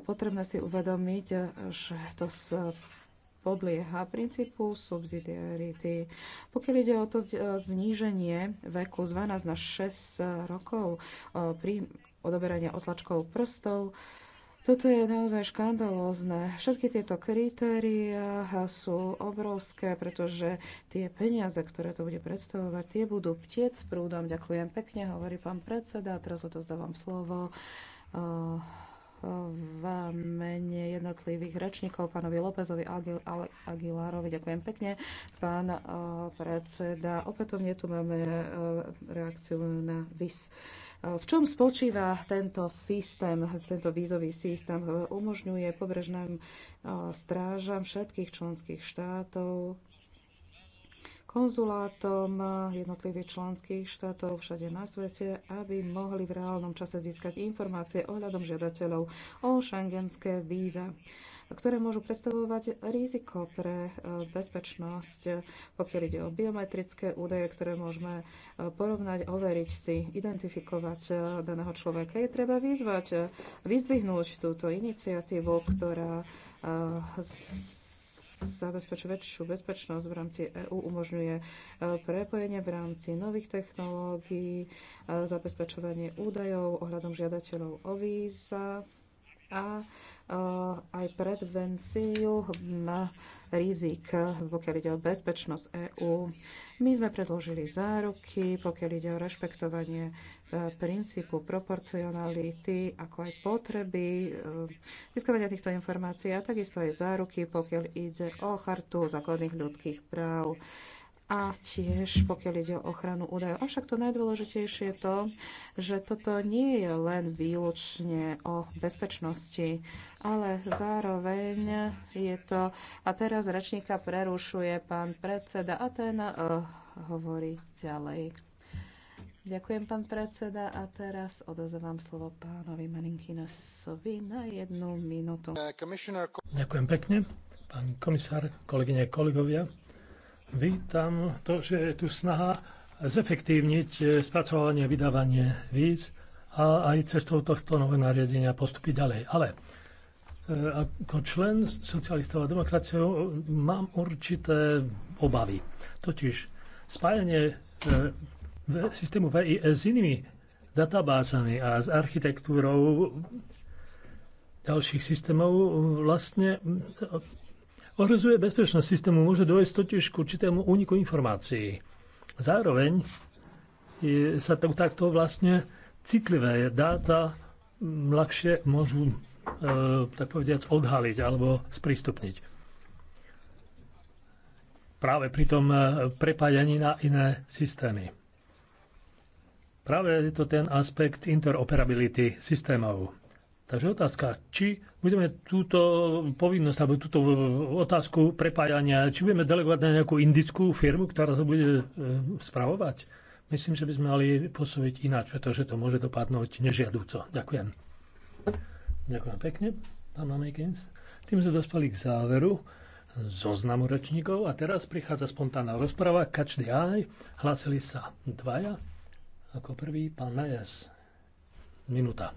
potrebné si uvedomiť, že to podlieha princípu subsidiarity. Pokiaľ ide o to zníženie veku z 12 na 6 rokov pri odoberania otlačkov prstov, toto je naozaj škandalózne. Všetky tieto kritéria sú obrovské, pretože tie peniaze, ktoré to bude predstavovať, tie budú ptiec prúdom. Ďakujem pekne, hovorí pán predseda. Teraz zdávam slovo eh, v mene jednotlivých rečníkov, pánovi Lópezovi Aguilárovi. Ďakujem pekne, pán eh, predseda. Opätovne tu máme eh, reakciu na VIS. V čom spočíva tento systém, tento vízový systém? Umožňuje pobrežným strážam všetkých členských štátov konzulátom jednotlivých členských štátov všade na svete, aby mohli v reálnom čase získať informácie ohľadom žiadateľov o šengenské víza ktoré môžu predstavovať riziko pre e, bezpečnosť, e, pokiaľ ide o biometrické údaje, ktoré môžeme e, porovnať, overiť si, identifikovať daného človeka. Je treba vyzvať, vyzdvihnúť túto iniciatívu, ktorá zabezpečuje väčšiu bezpečnosť v rámci EÚ, umožňuje prepojenie v rámci nových technológií, zabezpečovanie údajov ohľadom žiadateľov o víza a aj prevenciu rizik, pokiaľ ide o bezpečnosť EÚ. My sme predložili záruky, pokiaľ ide o rešpektovanie e, princípu proporcionality, ako aj potreby e, získavania týchto informácií a takisto aj záruky, pokiaľ ide o chartu základných ľudských práv a tiež pokiaľ ide o ochranu údajov. Avšak to najdôležitejšie je to, že toto nie je len výlučne o bezpečnosti, ale zároveň je to, a teraz rečníka prerušuje pán predseda a ten uh, eh, hovorí ďalej. Ďakujem, pán predseda. A teraz odozvám slovo pánovi Maninkinosovi na jednu minútu. Ďakujem pekne, pán komisár, kolegyne, kolegovia. Vítam to, že je tu snaha zefektívniť eh, spracovanie a vydávanie víc a aj cestou tohto nového nariadenia postupiť ďalej. Ale eh, ako člen socialistov a demokracie mám určité obavy. Totiž spájanie eh, systému VIS s inými databázami a s architektúrou ďalších systémov vlastne ohrozuje bezpečnosť systému, môže dojsť totiž k určitému úniku informácií. Zároveň je, sa to, takto vlastne citlivé dáta ľahšie môžu, e, tak povediať, odhaliť alebo sprístupniť. Práve pri tom e, prepájaní na iné systémy. Práve je to ten aspekt interoperability systémov. Takže otázka, či budeme túto povinnosť alebo túto otázku prepájania, či budeme delegovať na nejakú indickú firmu, ktorá to bude e, spravovať. Myslím, že by sme mali posúviť ináč, pretože to môže dopadnúť nežiadúco. Ďakujem. Ďakujem pekne, pán Mamikins. Tým sme dospeli k záveru zoznamu rečníkov a teraz prichádza spontánna rozprava. Každý aj, hlásili sa dvaja. Ako prvý pán Majes. Minúta.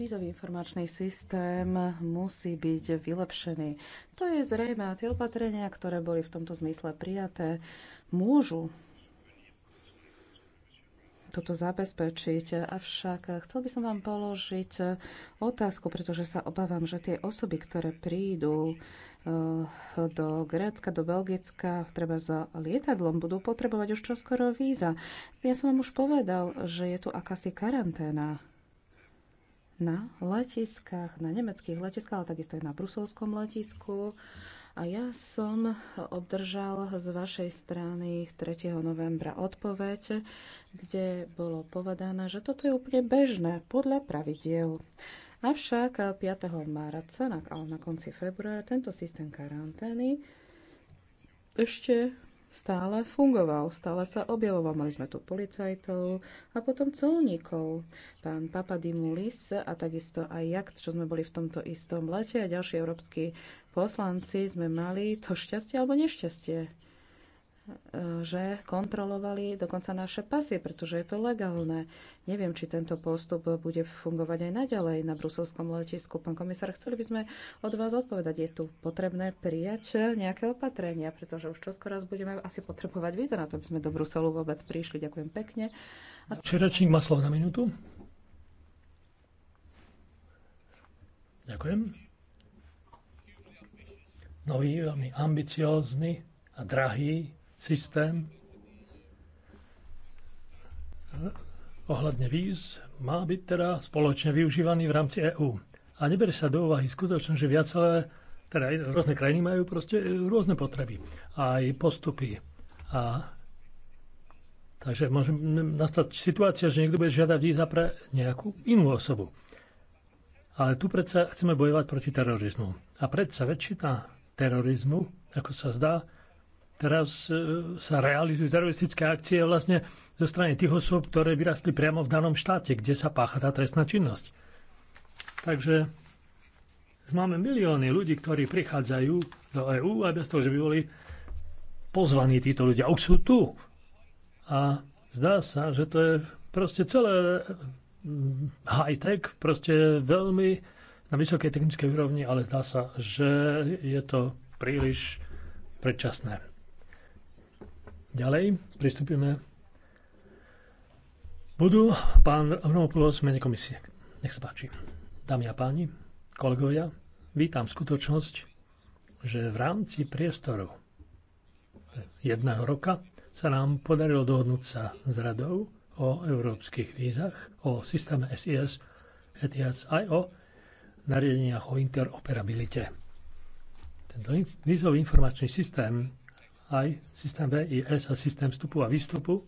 Vízový informačný systém musí byť vylepšený. To je zrejme a tie opatrenia, ktoré boli v tomto zmysle prijaté, môžu toto zabezpečiť. Avšak chcel by som vám položiť otázku, pretože sa obávam, že tie osoby, ktoré prídu eh, do Grécka, do Belgicka, treba za lietadlom, budú potrebovať už čoskoro víza. Ja som vám už povedal, že je tu akási karanténa na letiskách, na nemeckých letiskách, ale takisto aj na bruselskom letisku. A ja som obdržal z vašej strany 3. novembra odpoveď, kde bolo povedané, že toto je úplne bežné podľa pravidiel. Avšak 5. marca, ale na konci februára, tento systém karantény ešte stále fungoval, stále sa objavoval. Mali sme tu policajtov a potom colníkov. Pán Papadimulis a takisto aj jak, čo sme boli v tomto istom lete a ďalší európsky poslanci sme mali to šťastie alebo nešťastie že kontrolovali dokonca naše pasie, pretože je to legálne. Neviem, či tento postup bude fungovať aj naďalej na bruselskom letisku. Pán komisár, chceli by sme od vás odpovedať, je tu potrebné prijať nejaké opatrenia, pretože už čoskoro budeme asi potrebovať víza na to, aby sme do Bruselu vôbec prišli. Ďakujem pekne. A... Čeračník má slovo na minútu. Ďakujem. Nový, veľmi ambiciózny a drahý systém ohľadne víz má byť teda spoločne využívaný v rámci EÚ. A neberie sa do úvahy skutočne, že viacelé, teda rôzne krajiny majú proste rôzne potreby a aj postupy. A Takže môže nastať situácia, že niekto bude žiadať víza pre nejakú inú osobu. Ale tu predsa chceme bojovať proti terorizmu. A predsa väčšina terorizmu, ako sa zdá, teraz e, sa realizujú teroristické akcie vlastne zo strany tých osôb, ktoré vyrastli priamo v danom štáte, kde sa pácha tá trestná činnosť. Takže máme milióny ľudí, ktorí prichádzajú do EÚ a bez toho, že by boli pozvaní títo ľudia. Už sú tu. A zdá sa, že to je proste celé mm, high-tech, proste veľmi na vysokej technickej úrovni, ale zdá sa, že je to príliš predčasné. Ďalej pristúpime budú pán Avramopoulos mene komisie. Nech sa páči. Dámy a páni, kolegovia, vítam skutočnosť, že v rámci priestorov jedného roka sa nám podarilo dohodnúť sa s radou o európskych vízach, o systéme SIS, ETS aj o nariadeniach o interoperabilite. Tento vízový informačný systém aj systém VIS a systém vstupu a výstupu,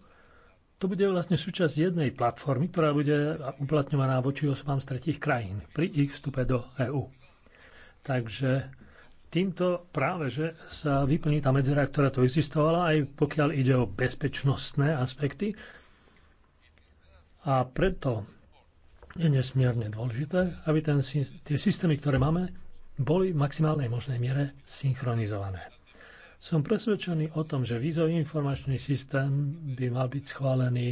to bude vlastne súčasť jednej platformy, ktorá bude uplatňovaná voči osobám z tretich krajín pri ich vstupe do EÚ. Takže týmto práve, že sa vyplní tá medzera, ktorá tu existovala, aj pokiaľ ide o bezpečnostné aspekty. A preto je nesmierne dôležité, aby ten, tie systémy, ktoré máme, boli v maximálnej možnej miere synchronizované. Som presvedčený o tom, že vízový informačný systém by mal byť schválený